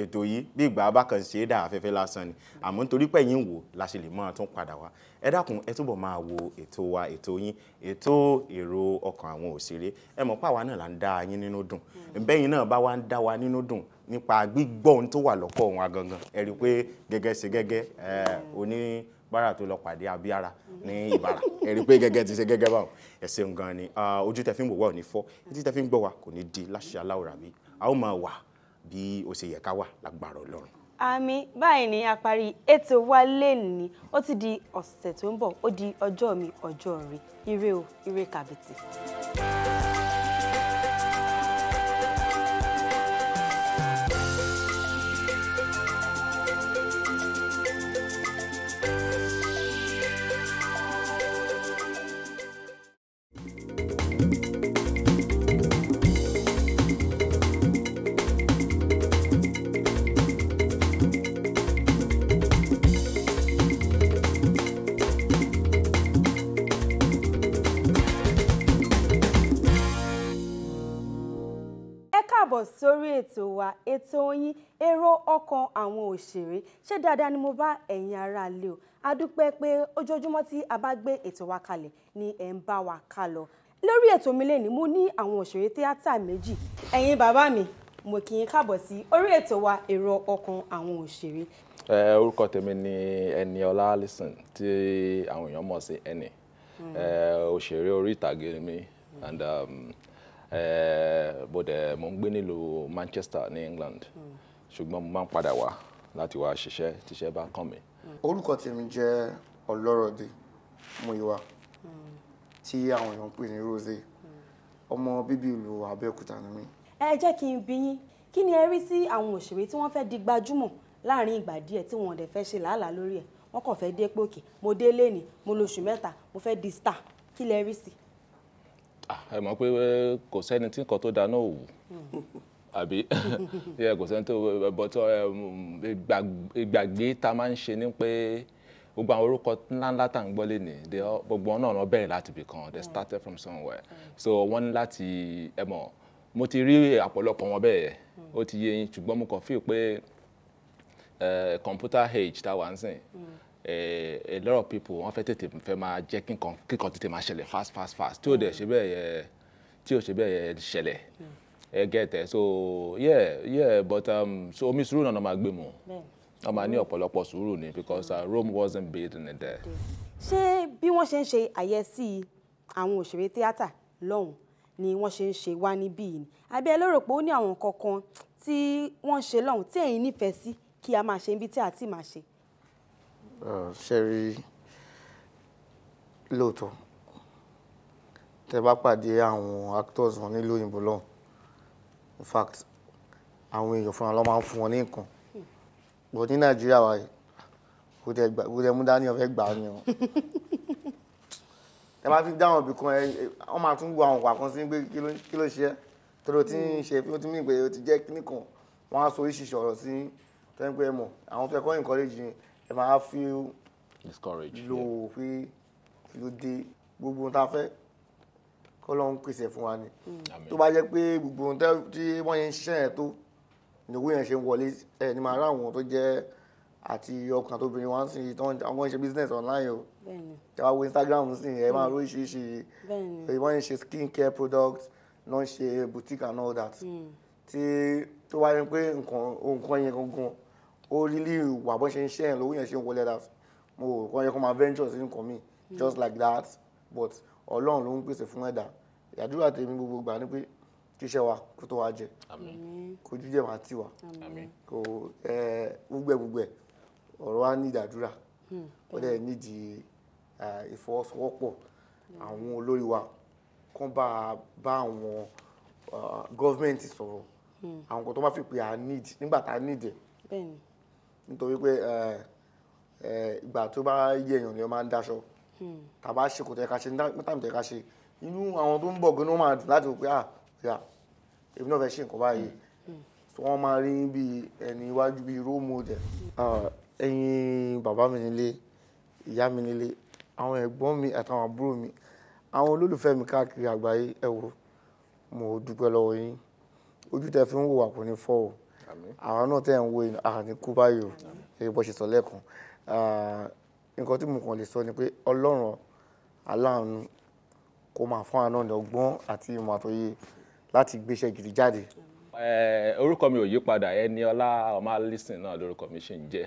S8: ètò yìí bí ìgbà abákan ṣe é dà afẹ́fẹ́ lásán ni àmọ́ nítorí pé yín wò la ṣe lè máa tún padà wá ẹ dákun ẹ túbọ̀ máa wo ètò wa ètò yín ètò èrò ọkàn àwọn òṣèré ẹ mọ̀ pé àwa náà là ń dá yín nínú dùn hmm. bẹ́yìn náà bá wa ń dá wa nínú dùn nípa gbígbọ́ tó wà lọ́pọ̀ wọn gangan ẹ rí i pé gẹ́gẹ́ ṣe gẹ́gẹ́ oní bára tó lọ pàdé abíára ní ìbára ẹ̀rí pé gẹ́gẹ́ ti ṣe gẹ́gẹ́ báwọn ẹ gan ni ah, ojú tẹ ń wò wá ò ní fọ́ etí tẹ ń gbọ́ wa kò ní di láṣẹ aláwòrán mi a ó máa wà bí ó ṣe yẹ ká wà lágbára ọlọ́run.
S2: àmì báyìí ni a parí ètò wa lẹ́nìí ó ti di ọ̀sẹ̀ tó ń bọ̀ ó di ọjọ́ mi ọjọ́ rẹ̀ ire o ire kàbìtì. wa ètò oyin èrò ọkàn àwọn òṣèré ṣé dáadáa ni mo bá ẹ̀yin ará lé o adúpẹ́ pé ojoojúmọ́ tí a bá gbé ètò wa kalẹ̀ ni ẹ̀ ń bá wa ká lọ lórí ètò mi lẹ́ni mo ní àwọn òṣèré tíátà méjì ẹ̀yin bàbá mi mo kì í káàbọ̀ sí orí ètò wa èrò ọkàn àwọn òṣèré.
S19: ẹ orúkọ tèmi ni Ẹniọlá Alison tí àwọn èèyàn mọ̀ sí Ẹni hmm. òṣèré orí ìtàgé mi and um, mo eh, dẹ̀ mo ń gbé nílùú Manchester ní England ṣùgbọ́n mo máa ń padà wá láti wá ṣiṣẹ́ tíṣẹ́ bá kàn mí. orúkọ tèmi jẹ́ Ọlọ́rọ̀dé
S20: Múyìwá tí àwọn èèyàn ń pè ní Rose ọmọ bíbí ìlú Abẹ́òkúta ni mí.
S2: ẹ jẹ́ kí n bi yín kí ni ẹ rí sí àwọn òṣèré tí wọ́n fẹ́ di gbajúmọ̀ láàrin ìgbà díẹ̀ tí wọ́n dẹ̀ fẹ́ ṣe làálàá lórí ẹ̀ wọ́n kàn fẹ́ dé pé mo dé lẹ́ni mo lóṣù mẹ́ta mo fẹ́ di star kí lẹ rí sí i.
S19: Ah, ẹ mọ̀ pé kò sẹ́ni tí nǹkan tó dáná ò wù hmm. àbí kò sẹ́ni tó bọ́tọ̀ um, ìgbàgbé tá máa ń ṣe ni pé gbogbo àwọn orúkọ ńláńlá tá à ń gbọ́ lé ní gbogbo wọn náà bẹ̀rẹ̀ láti ibì kan they hmm. started from somewhere hmm. so wọ́n ní láti ẹ mọ̀ mo ti rí àpọ̀lọpọ̀ wọn bẹ́ẹ̀ ó ti yé yín ṣùgbọ́n mo kàn feel pé computer age tá a wà ń sìn Eh, a lot of people wọ́n fẹ́ tètè fẹ́ máa jẹ́ kíkan tètè máa ṣẹlẹ̀ fast fast fast tí ò dẹ̀ ṣe bẹ́ẹ̀ yẹ tí ò ṣe bẹ́ẹ̀ yẹ ṣẹlẹ̀ hmm. ẹ gẹ́tẹ̀ so yeah yeah but um, so omi sùúrù náà máa gbé mu wọ́n máa ní ọ̀pọ̀lọpọ̀ sùúrù ni because uh, Rome wasn't built in there. day.
S2: ṣé bí wọ́n ṣe ń ṣe àyẹ́sí àwọn òṣèré tíátà lọ́hùn ni wọ́n ṣe ń ṣe wá níbí yìí àbí ẹ lérò pé ó ní àwọn kankan tí wọ́n ṣe lọ́hùn tí ẹ̀yin nífẹ̀ẹ́ sí kí a máa ṣe níbi tí a máa ṣe.
S9: Ah, ṣe rí
S20: lóòótọ́ tẹ bá pàdé àwọn actors wọn nílùú òyìnbó lọ́hùn in fact àwọn èèyàn fúnra lọ́ máa ń fún wọn ní nǹkan but ní nàìjíríà wa kò tẹ mú dání ọ̀fẹ́ gbà á ni o ẹ bá fi dáhùn ibì kan ẹ wọ́n máa tún wo àwọn òkú àkànṣe pé kí ló ṣe é torí o ti ń ṣe fífi tí mi pé o ti jẹ́ kíní kan wọ́n á sọ oríṣiríṣi ọ̀rọ̀ sí tẹ́ńpẹ́ mọ̀ àwọn fẹ́ kọ́ encourage yín ẹ máa feel discouraged lò ó pé kí ló dé gbogbo ohun tá a fẹ́ kọ́ ló ń pèsè fún wa ni tó bá jẹ́ pé gbogbo ohun tí wọ́n yẹn ń ṣiṣẹ́ yẹn tó ìnáwó yẹn ṣe ń wọlé ẹ ní máa ráwọn tó jẹ́ àti ọkùnrin àti obìnrin wọn sì wọn ṣe business online o tí wọ́n wo Instagram sì ẹ máa mm. lóríṣiríṣi wọ́n ń ṣe skin care products ló ṣe boutique and all that mm. tí tó wáyé pé nǹkan yẹn gangan ó lílì wà bọ́n ṣe ń ṣe ẹ̀ lówó yẹn ṣe ń wọlé that mo rò kọ́ yẹ kó máa venture sí nǹkan mi hmm. just like that but ọlọ́run ló ń pèsè fún ẹ̀dá ìyàdúrà tèmi gbogbo gbà ni pé ṣiṣẹ́ wa kó tó wa jẹ kó jíjẹ máa tì wá kó gbúgbẹ̀gbúgbẹ̀ ọ̀rọ̀ wa ní ìdàdúrà hmm. ó dẹ̀ nídìí ìfọwọ́sowọ́pọ̀ àwọn olórí wa kán bá bá àwọn gọ́ọ̀mẹ̀ntì sọ̀rọ̀ hmm. àwọn kan tó bá fi pé a need nígbà tá a need ẹ̀ nítorí pé ìgbà tó bá yé èèyàn ni ó máa ń dáṣọ hmm. tàbá ṣe kò tẹ ká ṣe mẹ́tàmì tẹ ká ṣe inú àwọn tó ń bọ̀ gan ni wọ́n máa dùn láti wò pé ah ìyá èmi náà fẹ́ ṣe nǹkan báyìí tí hmm. hmm. wọ́n máa rí bí ẹni iwájú bíi role model. Ah, ẹ̀yin bàbá mi nílé ìyá mi nílé àwọn ẹ̀gbọ́n mi àtàwọn àbúrò mi àwọn olólùfẹ́ mi káàkiri àgbáyé ẹ wò mo dúpẹ́ lọ́wọ́ yín ojú tẹ fi ń wò wà kò ní fọ́ o àwọn náà tẹ̀ ń wo àní kú báyìí o èyí bọ́ ṣe sọ lẹ́ẹ̀kan nǹkan tí mo kàn lè sọ ni pé ọlọ́run aláàánú kó máa fún àánú ní ọgbọ́n àti ìmọ̀ àtòyè láti
S19: gbéṣẹ́ gidi jáde. orúkọ mi ò yí padà Ẹniọlá Ọmálísìn náà lórúkọ mi ṣì ń jẹ́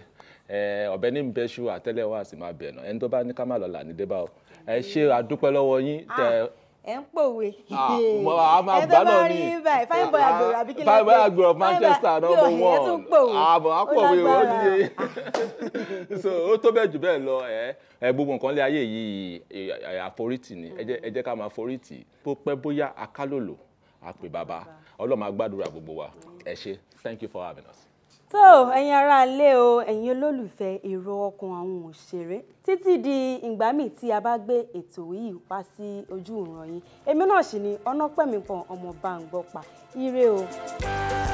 S19: ọ̀bẹ ní bẹ́ṣù àtẹ́lẹ̀wá sì máa bẹ̀ẹ̀nà ẹni tó bá ní ká má lọ là ní débà o ẹ ṣé a lọ́wọ́ yín tẹ ah,
S2: ẹ ń pòwe. Ah, ẹ tó bá rí báyìí fine boy agbèrò ah, àbí kí ló dé fine boy agbèrò of Manchester number one yóò ẹ tún
S19: pòwe àbọ̀ ah, á pòwe ó níye so ó tó bẹ́ẹ̀ jù bẹ́ẹ̀ lọ ẹ ẹ gbogbo nǹkan lé ayé yìí àforítì ni ẹ jẹ́ ká máa forítì bó pẹ́ bóyá akálòlò àpè bàbá ọlọ́run á gbàdúrà gbogbo wa ẹ ṣé thank you for having us.
S2: So ẹ̀yin ará ilé o ẹ̀yin olólùfẹ́ èrò ọkàn àwọn òṣèré títí di ìgbà míì tí a bá gbé ètò yìí pa sí ojú ìran èmi náà sì ni ọ̀nà pẹ̀mí pọ̀ ọmọ bá ń gbọ́ pa ire o.